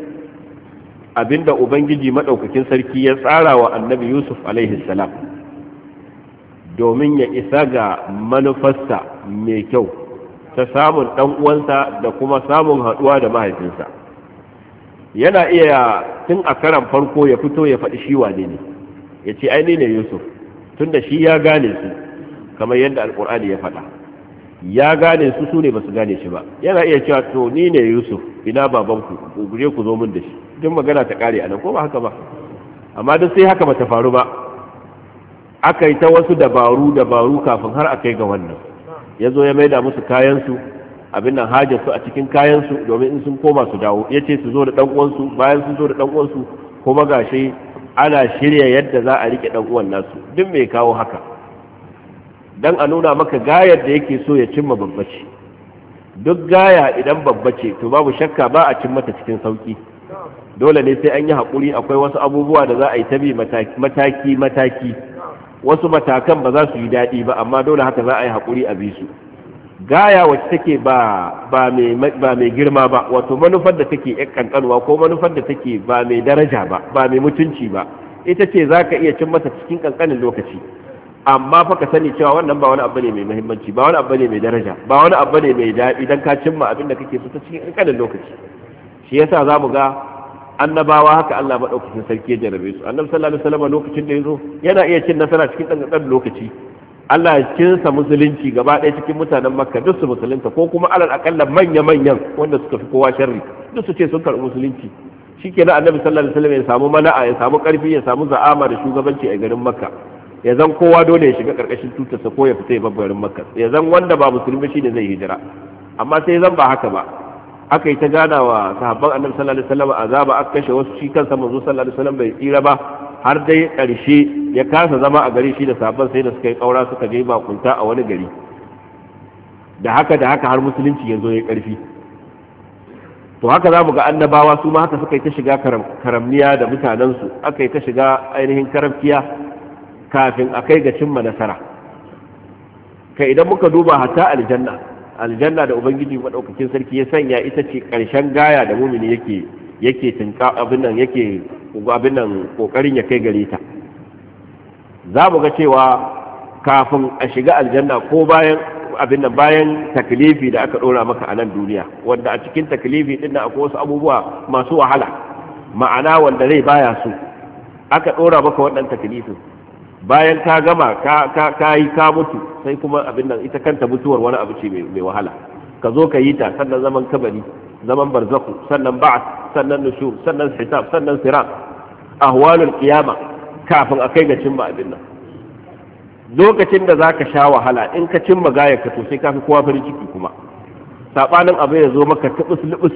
abinda ubangiji madaukakin sarki ya tsara wa annabi yusuf alaihi salam domin ya isa ga manufasta mai kyau ta samun ɗan uwansa da kuma samun haɗuwa da mahaifinsa yana iya tun a karan farko ya fito ya faɗi shi wane ne ya ce ni ne yusuf tun da shi ya gane su kamar yadda alƙur'ani ya faɗa ya gane su su ne ba su gane shi ba yana iya cewa to ni ne yusuf ina babanku guje ku zo min da shi duk magana ta ƙare a nan ko ba haka ba amma duk sai haka ba ta faru ba aka yi ta wasu dabaru dabaru kafin har a kai ga wannan ya zo ya maida musu kayansu abin nan su a cikin kayansu domin in sun koma su dawo ya ce su zo da ɗan'uwansu bayan sun zo da ɗan'uwansu ko ga gashi ana shirya yadda za a riƙe ɗan'uwan uwan nasu duk mai kawo haka dan a nuna maka gayar da yake so ya cimma babbace duk gaya idan babbace to babu shakka ba a cin mata cikin sauki dole ne sai an yi haƙuri akwai wasu abubuwa da za a yi ta bi mataki mataki wasu matakan ba za su yi daɗi ba amma dole haka za a yi haƙuri a bi su gaya wacce take ba mai girma ba wato manufar da take yan ƙanƙanwa ko manufar da take ba mai daraja ba ba mai mutunci ba ita ce za ka iya cin mata cikin kankanin lokaci amma fa ka sani cewa wannan ba wani abu ne mai muhimmanci ba wani abu ne mai daraja ba wani abu ne mai daɗi don ka cimma abin da kake so ta cikin kankanin lokaci shi yasa za mu ga annabawa haka Allah maɗaukacin sarki ya jarabe su annabi sallallahu alaihi wasallam lokacin da ya zo yana iya cin nasara cikin dan lokaci Allah ya kinsa musulunci gaba ɗaya cikin mutanen makka duk su musulunta ko kuma alal akalla manya manyan wanda suka fi kowa sharri duk su ce sun karɓi musulunci shikenan annabi sallallahu alaihi wasallam ya samu mana'a ya samu karfi ya samu za'ama da shugabanci a garin makka ya zan kowa dole ya shiga karkashin tutarsa ko ya fita ya bar garin makka ya zan wanda ba musulmi ne zai hijira amma sai zan ba haka ba aka yi ta gana wa sahabban annabi sallallahu alaihi wasallam azaba aka kashe wasu shi kansa manzo sallallahu alaihi wasallam bai tsira ba har dai karshe ya kasa zama a gari shi da sahabban sai da suka yi kaura suka je bakunta a wani gari da haka da haka har musulunci ya ya karfi to haka za mu ga annabawa su ma haka suka yi ta shiga karamniya da mutanensu aka yi ta shiga ainihin karamkiya kafin a kai ga cimma nasara kai idan muka duba hatta aljanna aljanna da ubangiji madaukakin sarki ya sanya ita ce karshen gaya da mumini yake yake tinka abin nan yake abin nan kokarin ya kai gare ta za mu ga cewa kafin a shiga aljanna ko bayan abin nan bayan taklifi da aka dora maka a nan duniya wanda a cikin taklifi din nan akwai wasu abubuwa masu wahala ma'ana wanda rai baya su aka dora maka wannan taklifin bayan ka gama ka yi ka mutu sai kuma abin nan ita kanta mutuwar wani abu ce mai wahala ka zo ka yi ta sannan zaman kabari zaman barzaku sannan ba'at sannan nushur sannan hisab sannan sirat ahwalul qiyama kafin a kai ga cimma abin nan lokacin da zaka sha wahala in ka cimma gayar ka to sai ka fi kowa farin ciki kuma sabanin abu ya zo maka tubus lubus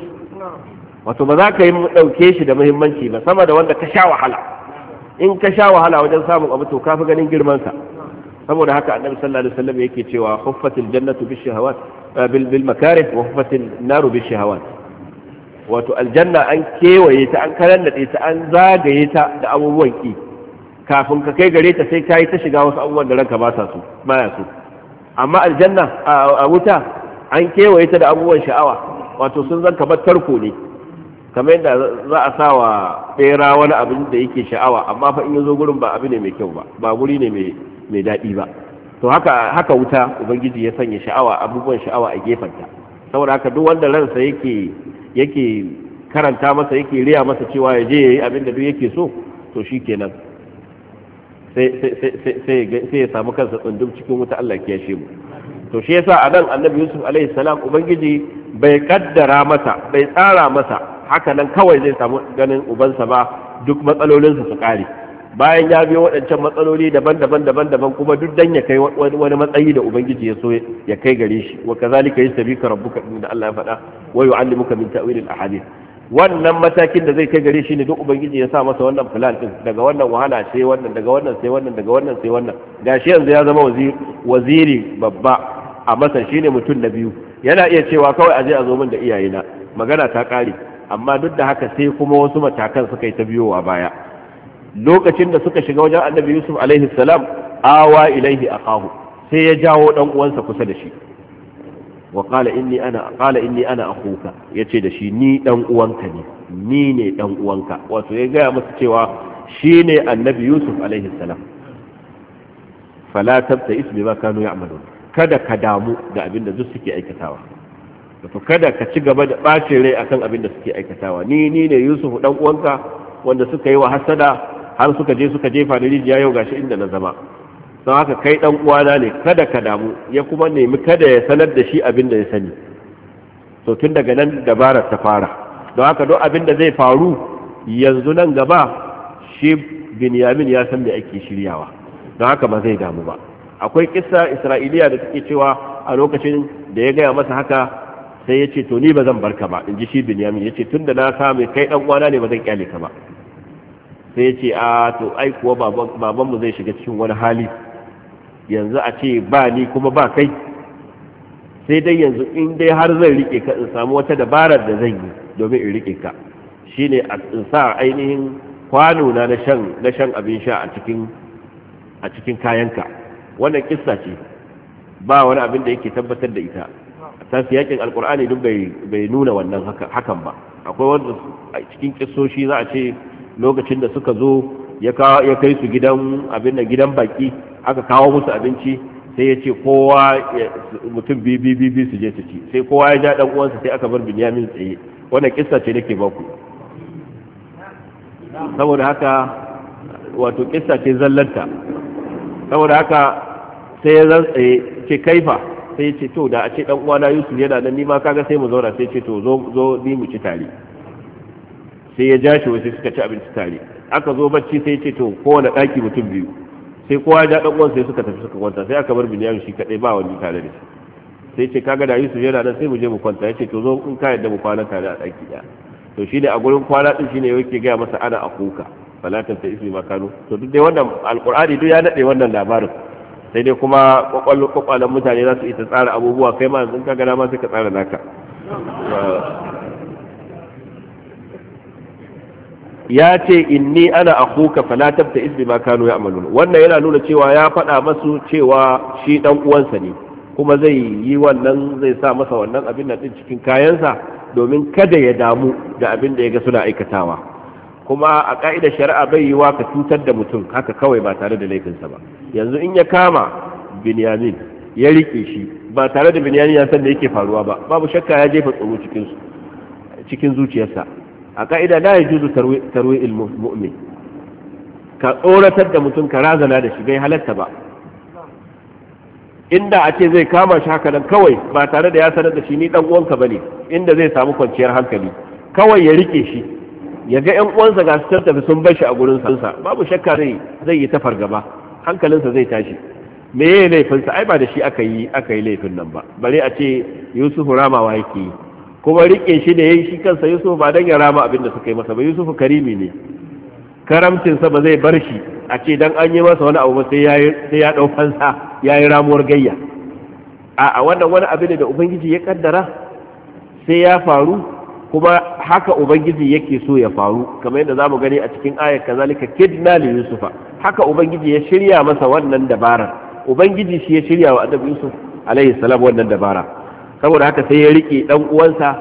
wato ba za ka yi dauke shi da muhimmanci ba sama da wanda ka sha wahala in ka sha wahala wajen samun abu to kafi ganin girman sa saboda haka annabi sallallahu alaihi wasallam yake cewa huffatil jannatu bish shahawat eh, bil bil makarih wa huffatil naru bish shahawat wato aljanna an kewaye ta an karannade ta an zagaye ta da abubuwan ki kafin ka kai gare ta sai kai ta shiga wasu abubuwan da ranka ba sa so baya su. amma aljanna a wuta an kewaye ta da abubuwan sha'awa wato sun zan kamar tarko ne kamar yadda za a sa wa bera wani abin da yake sha'awa amma fa in ya zo gurin ba abu ne mai kyau ba ba guri ne mai daɗi ba to haka haka wuta ubangiji ya sanya sha'awa abubuwan sha'awa a ta saboda haka duk wanda ransa yake yake karanta masa yake riya masa cewa ya je ya yi abin da duk yake so to shi sai sai ya samu kansa tsundum cikin wuta Allah ya kiyashe mu to shi yasa a nan annabi yusuf alaihi salam ubangiji bai kaddara masa bai tsara masa haka nan kawai zai samu ganin ubansa ba duk matsalolinsa su kare bayan ya biyo waɗancan matsaloli daban-daban daban-daban kuma duk dan ya kai wani matsayi da ubangiji ya so ya kai gare shi wa kazalika yastabika rabbuka da Allah ya faɗa wa yu'allimuka min ta'wilil ahadith wannan matakin da zai kai gare shi ne duk ubangiji ya sa masa wannan plan din daga wannan wahala sai wannan daga wannan sai wannan daga wannan sai wannan gashi yanzu ya zama waziri babba a masa shine mutum na biyu yana iya cewa kawai a je a zo min da iyayena magana ta kare amma duk da haka sai kuma wasu matakan suka yi ta biyo a baya lokacin da suka shiga wajen annabi yusuf alaihi salam awa ilaihi akahu sai ya jawo dan uwansa kusa da shi wa qala inni ana qala inni ana akhuka yace da shi ni dan uwanka ne ni ne dan uwanka wato ya gaya masa cewa shine annabi yusuf alaihi salam fala tabta ismi ma kanu ya'malun kada ka damu da abin da duk suke aikatawa to kada ka ci gaba da ɓacin rai akan abin da suke aikatawa ni ni ne yusuf dan uwanka wanda suka yi wa hasada har suka je suka jefa da rijiya yau gashi inda na zama don haka kai dan uwana ne kada ka damu ya kuma nemi kada ya sanar da shi abin da ya sani to tun daga nan dabarar ta fara don haka don abin da zai faru yanzu nan gaba shi binyamin ya san me ake shiryawa don haka ba zai damu ba akwai kissa isra'iliya da take cewa a lokacin da ya gaya masa haka sai ya ce to ni ba zan bar ka ba in ji shi binyamin ya ce tun da na kame kai ɗan uwana ne ba zan kyale ka ba sai ya ce a to ai kuwa babanmu zai shiga cikin wani hali yanzu a ce ba ni kuma ba kai sai dai yanzu in dai har zan rike ka in samu wata dabarar da zan yi domin in rike ka shine in sa ainihin kwano na shan na shan abin sha a cikin a cikin kayanka wannan kissa ce ba wani abin da yake tabbatar da ita ta yakin alkur'ani duk bai nuna wannan hakan ba akwai wanda a cikin kisoshi za a ce lokacin da suka zo ya kai su gidan abin da gidan baki aka kawo musu abinci sai ya ce kowa mutum bibi su je su ci sai kowa ya ja dan uwansa sai aka bar binyamin tsaye wannan kissa ce nake baku saboda haka wato kissa ce zallanta saboda haka sai ya zan tsaye eh, ce kaifa sai ce to da a ce dan uwana Yusuf yana nan ni ma kaga sai mu zauna sai ce to zo zo ni mu ci tare sai ya ja shi wasu suka ci abinci tare aka zo bacci sai ce to kowane daki mutum biyu sai kowa ya dan uwan sai suka tafi suka kwanta sai aka bar Bilyamin shi kadai ba wani tare da shi sai ce kaga da Yusuf yana nan sai mu je mu kwanta ya ce to zo in ka yadda mu kwana tare a daki da to shine a gurin kwana din shine yake ga masa ana akuka falatan ta ismi makano to duk dai wannan alqur'ani duk ya nade wannan labarin sai dai kuma kwakwalon mutane za su ita tsara abubuwa kai ma yanzu ka gada ma suka tsara naka ya ce inni ana akuka na tabta izbi ma kanu ya amalu wannan yana nuna cewa ya faɗa masu cewa shi dan uwansa ne kuma zai yi wannan zai sa masa wannan abin nan cikin kayansa domin kada ya damu da abin da ya ga suna aikatawa kuma a ka'idar shari'a bai wa ka cutar da mutum haka kawai ba tare da laifinsa ba yanzu in ya kama binyamin ya rike shi ba tare da binyamin ya san da yake faruwa ba babu shakka ya jefa tsoro cikin cikin zuciyarsa a ka'ida la yajuzu ilmu mu'min ka tsoratar da mutum ka razana da shi bai halatta ba inda a ce zai kama shi haka nan kawai ba tare da ya sanar da shi ni dan uwanka bane inda zai samu kwanciyar hankali kawai ya rike shi ya ga ƴan uwansa ga su tafi sun bashi a gurin sansa babu shakka zai zai yi ta fargaba hankalinsa zai tashi me yayi laifinsa ai ba da shi aka yi yi laifin nan ba bare a ce Yusuf ramawa yake yi kuma rike shi da yayi shi kansa Yusuf ba dan ya rama abin da suka yi masa ba Yusuf karimi ne karamcinsa ba zai bar shi a ce dan an yi masa wani abu ba sai yayi sai ya dau fansa yayi ramuwar gayya a a wannan wani abin da ubangiji ya kaddara sai ya faru kuma haka ubangiji yake so ya faru kamar yadda zamu gani a cikin ayar kazalika kidna li yusufa haka ubangiji ya shirya masa wannan dabarar ubangiji shi ya shirya wa annabi yusuf alaihi salam wannan dabara saboda haka sai ya rike dan uwansa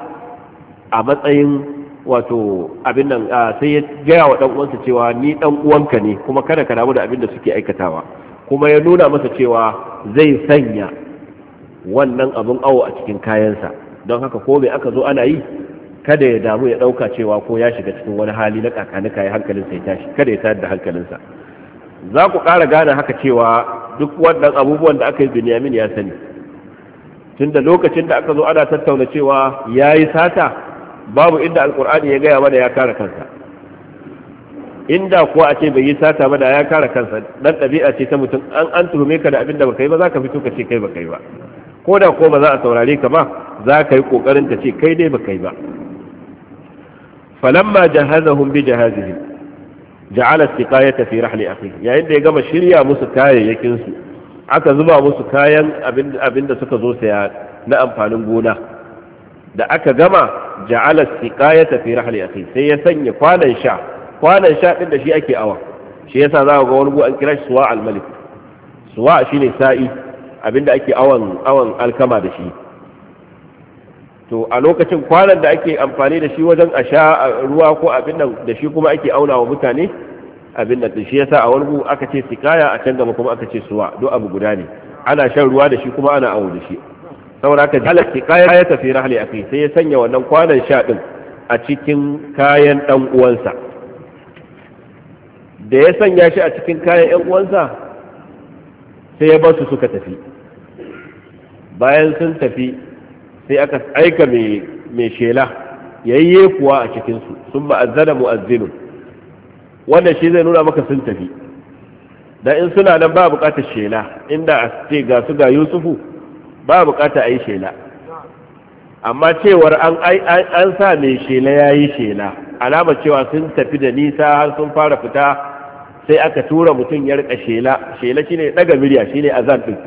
a matsayin wato abin nan sai ya gaya wa dan uwansa cewa ni dan uwanka ne kuma kada ka damu da abin da suke aikatawa kuma ya nuna masa cewa zai sanya wannan abun awo a cikin kayansa don haka ko me aka zo ana yi kada ya damu ya ɗauka cewa ko ya shiga cikin wani hali na kakanuka ya hankalin ya tashi kada ya tayar da hankalinsa za ku ƙara gane haka cewa duk wannan abubuwan da aka yi binyamin ya sani tun da lokacin da aka zo ana tattauna cewa ya yi sata babu inda alkur'ani ya gaya mana ya kare kansa inda kuwa a ce bai yi sata mana da ya kare kansa dan ɗabi'a ce ta mutum an an tuhume ka da abin da baka yi ba za ka fito ka ce kai baka yi ba ko da ko ba za a saurare ka ba za ka yi ƙoƙarin ka ce kai dai baka yi ba falamma jahazahum bi jahazihim ja'ala istiqayata fi rahli akhi yayin da ya gama shirya musu kayayyakin su aka zuba musu kayan abin da suka zo saya na amfanin gona da aka gama ja'ala istiqayata fi rahli akhi sai ya sanya kwanan sha kwanan sha din da shi ake awa shi yasa za ga wani an kira shi suwa al-malik suwa shine sa'i abinda ake awan awan alkama da shi to a lokacin kwanan da ake amfani da shi wajen a sha ruwa ko abin nan da shi kuma ake auna wa mutane abin nan shi yasa a wani aka ce sikaya a can gaba kuma aka ce suwa duk abu guda ne ana shan ruwa da shi kuma ana awo da shi saboda haka jalar sikaya ya tafi rahali a kai sai ya sanya wannan kwanan sha din a cikin kayan dan uwansa da ya sanya shi a cikin kayan yan uwansa sai ya bar su suka tafi bayan sun tafi sai aka aika mai shela yayye kuwa a cikinsu sun ma'azzana mu'azzinun wannan shi zai nuna maka sun tafi da in suna nan ba bukatar shela inda a ce ga su ga yusufu ba bukata a yi shela amma cewar an sa mai shela ya yi shela alama cewa sun tafi da nisa har sun fara fita sai aka tura mutum ya rika shela shela shine daga murya shine azan din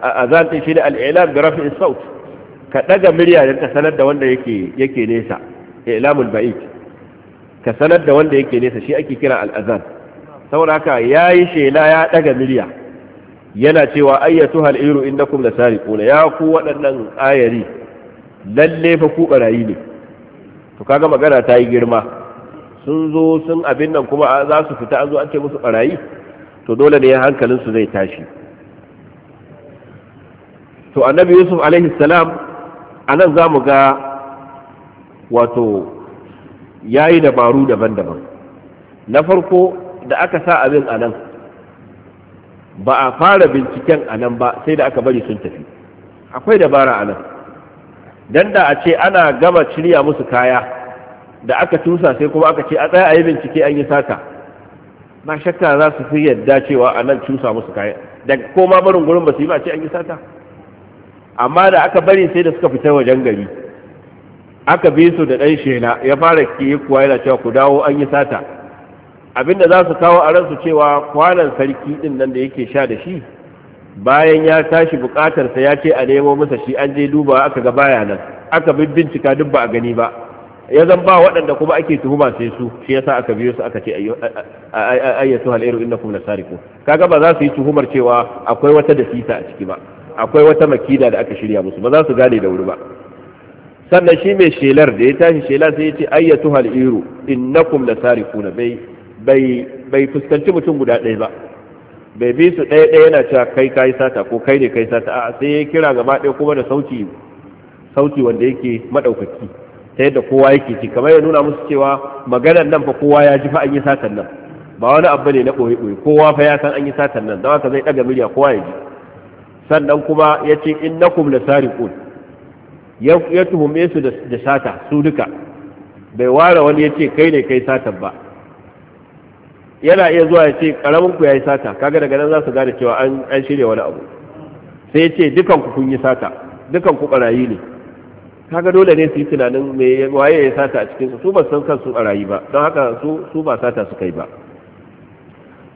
azan din shine al-i'lan bi rafi'is saut ka ɗaga murya don ka sanar da wanda yake nesa ilamul eh, ba'id ka sanar da wanda yake nesa shi ake kira al'azan saboda haka yayi shela ya ɗaga murya yana cewa ayyatu hal iru innakum lasariquna ya ku waɗannan ayari lalle fa ku barayi ne to kaga magana ta yi girma sun zo sun abin nan kuma za su fita an zo an ce musu barayi to dole ne hankalin su zai tashi to annabi yusuf alaihi salam a nan za mu ga wato ya yi dabaru daban-daban na farko da aka sa abin a nan ba a fara binciken a nan ba sai da aka bari sun tafi akwai dabara a nan don da a ce ana gama shirya musu kaya da aka tusa sai kuma aka ce a tsaya a yi bincike an yi sata na shakka za su fi yadda cewa a nan tusa musu kaya da koma barin gurin ba su yi ba ce an yi sata amma da aka bari sai da suka fita wajen gari aka bi su da dan shela ya fara ki kuwa yana cewa ku dawo an yi sata abinda za su kawo a ransu cewa kwanan sarki din nan da yake sha da shi bayan ya tashi bukatarsa ya ce a nemo masa shi an je duba aka ga baya nan aka bi bincika duk ba a gani ba ya zan ba waɗanda kuma ake tuhuma sai su shi yasa aka biyo su aka ce ayyatu halairu innakum lasariqu kaga ba za su yi tuhumar cewa akwai wata dafisa a ciki ba akwai wata makida da aka shirya musu ba za su gane da wuri ba sannan shi mai shelar da ya tashi shelar sai ya ce ayyatu hal iru innakum lasarifuna bai bai bai fuskanci mutum guda ɗaya ba bai bi su ɗaya ɗaya yana cewa kai kai sata ko kai ne kai sata a sai ya kira gaba ɗaya kuma da sauti sauti wanda yake madaukaki ta yadda kowa yake ci kamar ya nuna musu cewa maganar nan fa kowa ya ji fa an yi satan nan ba wani abu ne na ɓoye-ɓoye kowa fa ya san an yi satan nan da haka zai ɗaga miliya kowa ya ji sannan kuma ya ce innakum la sariqun ya tuhume su da sata su duka bai ware wani ya ce kai ne kai satan ba yana iya zuwa ya ce karamin ku yayi sata kaga daga nan za su gane cewa an an shirya wani abu sai ya ce dukan ku kun yi sata dukan ku barayi ne kaga dole ne su yi tunanin me waye ya sata a cikin su su ba san kansu barayi ba don haka su su ba sata su kai ba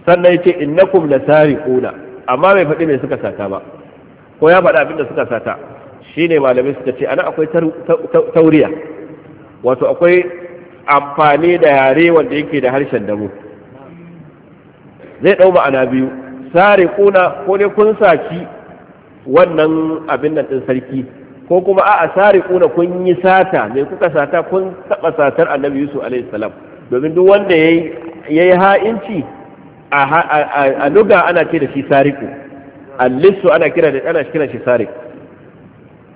sannan ya ce innakum la sariquna amma bai faɗi me suka sata ba ko ya faɗa abin da suka sata shi ne malamai suka ce ana akwai tauriya wato akwai amfani da yare wanda yake da harshen damu zai ɗau ma'ana biyu sare kuna ko ne kun saki wannan abin nan ɗin sarki ko kuma a sare kuna kun yi sata me kuka sata kun taɓa satar annabi yusuf alayhi salam domin duk wanda ya yi ha'inci a luga ana ce da shi sariku allisu ana kira da ana kiran shi sarik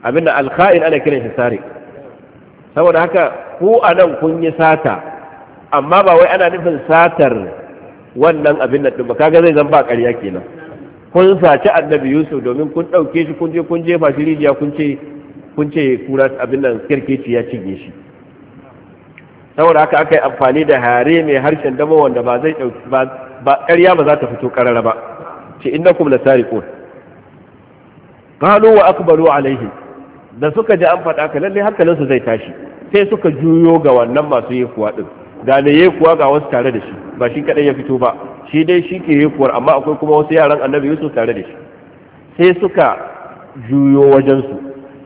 abinda alkha'in ana kiran shi sarik saboda haka ku nan kun yi sata amma ba wai ana nufin satar wannan abin nan ba kaga zai zan ba ƙarya kenan kun saci annabi yusuf domin kun ɗauke shi kun je kun je shi rijiya kun ce kun ce kura abin nan kirkeci ya cinye shi saboda haka aka yi amfani da hare mai harshen dama wanda ba zai ba ƙarya ba za ta fito ƙarara ba ce innakum lasariqun qalu wa aqbalu alayhi da suka ji an fada ka lalle hankalinsu zai tashi sai suka juyo ga wannan masu yekuwa din ga da yekuwa ga wasu tare da shi ba shi kadai ya fito ba shi dai shi ke yekuwar amma akwai kuma wasu yaran annabi yusuf tare da shi sai suka juyo wajen su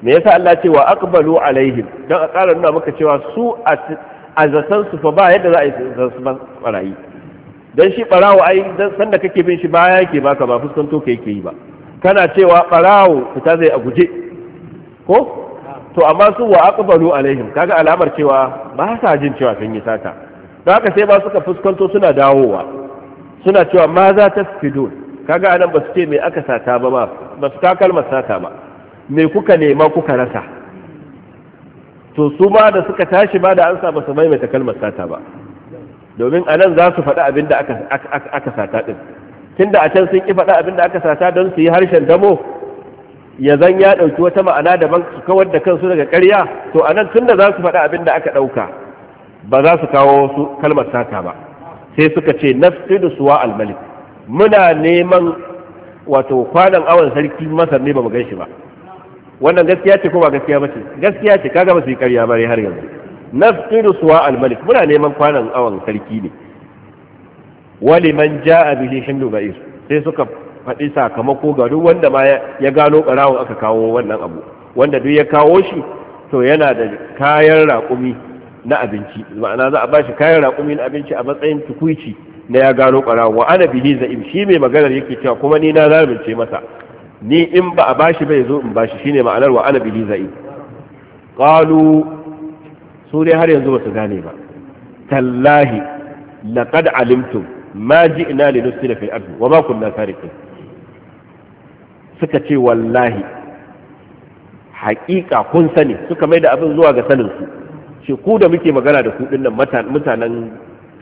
me yasa Allah ce wa aqbalu alaihim dan a ƙara nuna maka cewa su a zasan su fa ba yadda za a yi su barayi dan shi barawo ai dan sanda kake bin shi baya yake baka ba fuskanto ka yake yi ba kana cewa barawo fita zai a guje ko to amma su wa aqbalu alaihim kaga alamar cewa ba sa jin cewa sun yi sata don haka sai ba suka fuskanto suna dawowa suna cewa ma za ta fidon kaga anan ba su ce me aka sata ba ba ba su kalmar sata ba me kuka nema kuka rasa to su ma da suka tashi ba da ansa ba su maimaita kalmar sata ba domin a nan za su faɗi abin da aka sata ɗin tunda a can sun ƙi faɗi abin da aka sata don su yi harshen damo ya zan ya ɗauki wata ma'ana daban su kawar da kansu daga ƙarya to a nan tunda za su faɗi abin da aka ɗauka ba za su kawo wasu kalmar sata ba sai suka ce nafsidu suwa almalik muna neman wato kwanan awon sarki masar ne ba mu gan shi ba wannan gaskiya ce ko ba gaskiya ba ce gaskiya ce kaga ba su yi ƙarya ba har yanzu nafqidu suwa al-malik muna neman kwanan awan sarki ne wali man jaa bihi hindu ba'ir sai suka faɗi sakamako ga duk wanda ma ya gano karawo aka kawo wannan abu wanda duk ya kawo shi to yana da kayan raƙumi na abinci ma'ana za a ba shi kayan raƙumi na abinci a matsayin tukuici na ya gano karawo wa ana bihi za'im shi mai maganar yake cewa kuma ni na zalunce masa ni in ba a bashi bai zo in ba shi shine ma'anar wa ana bihi za'im qalu su dai har yanzu ba su gane ba tallahi laqad alimtum ma ji'na li nusila fil ardi wa ma kunna sariqin suka ce wallahi haƙiƙa kun sani suka mai da abin zuwa ga sanin su shi ku da muke magana da ku dinnan mutanen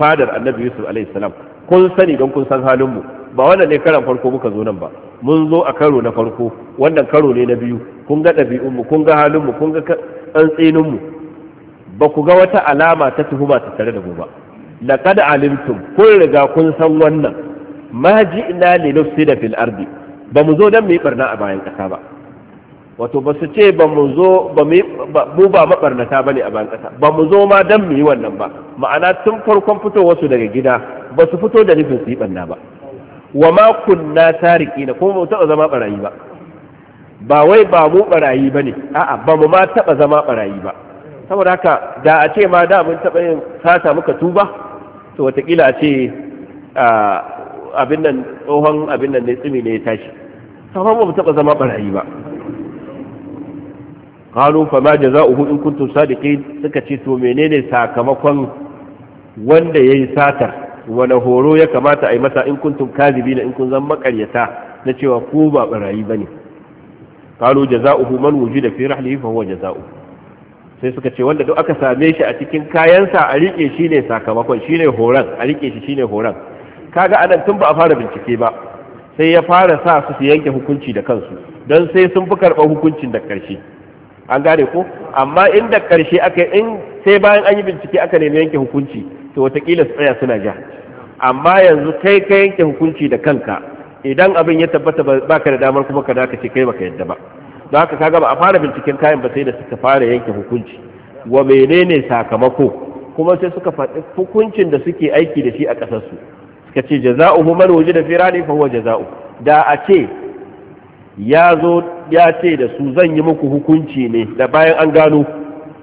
fadar annabi yusuf alaihi salam kun sani don kun san halin mu ba wannan ne karan farko muka zo nan ba mun zo a karo na farko wannan karo ne na biyu kun ga ɗabi'unmu kun ga halinmu kun ga mu ba ku ga wata alama ta ba ta tare da mu ba laqad alimtum kun riga kun san wannan ma ji'na li nufsida fil ardi ba mu zo dan mu yi barna a bayan kasa ba wato ba su ce ba mu zo ba mu ba mabarnata bane a bayan kasa ba mu zo ma dan mu yi wannan ba ma'ana tun farkon fitowar su daga gida ba su fito da nufin su yi barna ba wa ma kunna kuma ko mu taɓa zama barayi ba ba wai ba mu barayi bane a'a ba mu ma taɓa zama barayi ba saboda haka da a ce ma da mun taɓa yin sata muka tuba to watakila a ce abin nan tsohon abin nan ne tsimi ne ya tashi saman ba mu taɓa zama barayi ba qalu fa ma jaza'uhu in kuntun sadiƙi suka ce to menene sakamakon wanda ya yi satar wani horo ya kamata a yi masa in kuntun kuntum na in kun zan makaryata na cewa ko ba barayi ba bane qalu jaza'uhu man wujida fi rahlihi fa huwa jaza'uhu sai suka ce wanda duk aka same shi a cikin kayansa a rike shi ne sakamakon shi ne horon a rike shi shi ne horon kaga anan tun ba a fara bincike ba sai ya fara sa su su yanke hukunci da kansu don sai sun fi karɓar hukuncin da ƙarshe an gane ko amma in da ƙarshe aka in sai bayan an yi bincike aka nemi yanke hukunci to watakila su tsaya suna ja amma yanzu kai ka yanke hukunci da kanka idan abin ya tabbata ba ka da damar kuma ka da ce kai baka yadda ba don haka kaga ba a fara binciken kayan ba sai da suka fara yanke hukunci wa menene sakamako kuma sai suka faɗi hukuncin da suke aiki da shi a ƙasarsu suka ce jaza'uhu man wujida fi rani fa huwa jaza'u da a ce ya zo ya ce da su zan yi muku hukunci ne da bayan an gano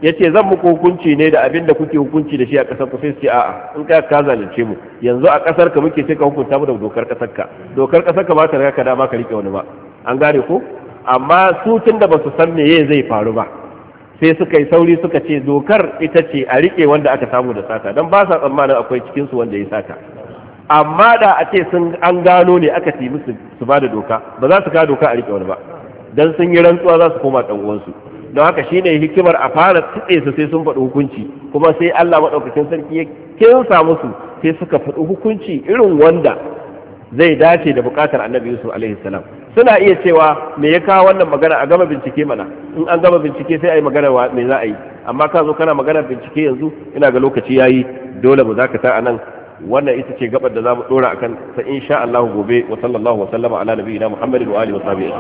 ya ce zan muku hukunci ne da abin da kuke hukunci da shi a ƙasar ku sai su a'a in ka ka zalunce mu yanzu a ƙasar ka muke sai ka hukunta mu da dokar ƙasar ka dokar ƙasar ka ba ta riga ka dama ka rike wani ba an gane ko amma su tun da ba su san meye zai faru ba sai suka yi sauri suka ce dokar ita ce a rike wanda aka samu da sata don ba sa tsammanin akwai cikinsu wanda ya sata amma da a ce sun an gano ne aka ci musu su ba da doka ba za su ka doka a riƙe wani ba don sun yi rantsuwa za su koma ɗan uwansu don haka shine hikimar a fara tsitse su sai sun faɗi hukunci kuma sai Allah maɗaukacin sarki ya kinsa musu sai suka faɗi hukunci irin wanda zai dace da buƙatar annabi yusuf alaihi salam suna iya cewa me ya kawo wannan magana a gama bincike mana in an gama bincike sai a yi magana me za a yi amma ka zo kana magana bincike yanzu ina ga lokaci ya yi dole mu zakata a nan wannan ita ce gabar da za mu dora akan ta insha Allah gobe wa sallallahu wa sallama ala nabiyina Muhammadin wa alihi wa sahbihi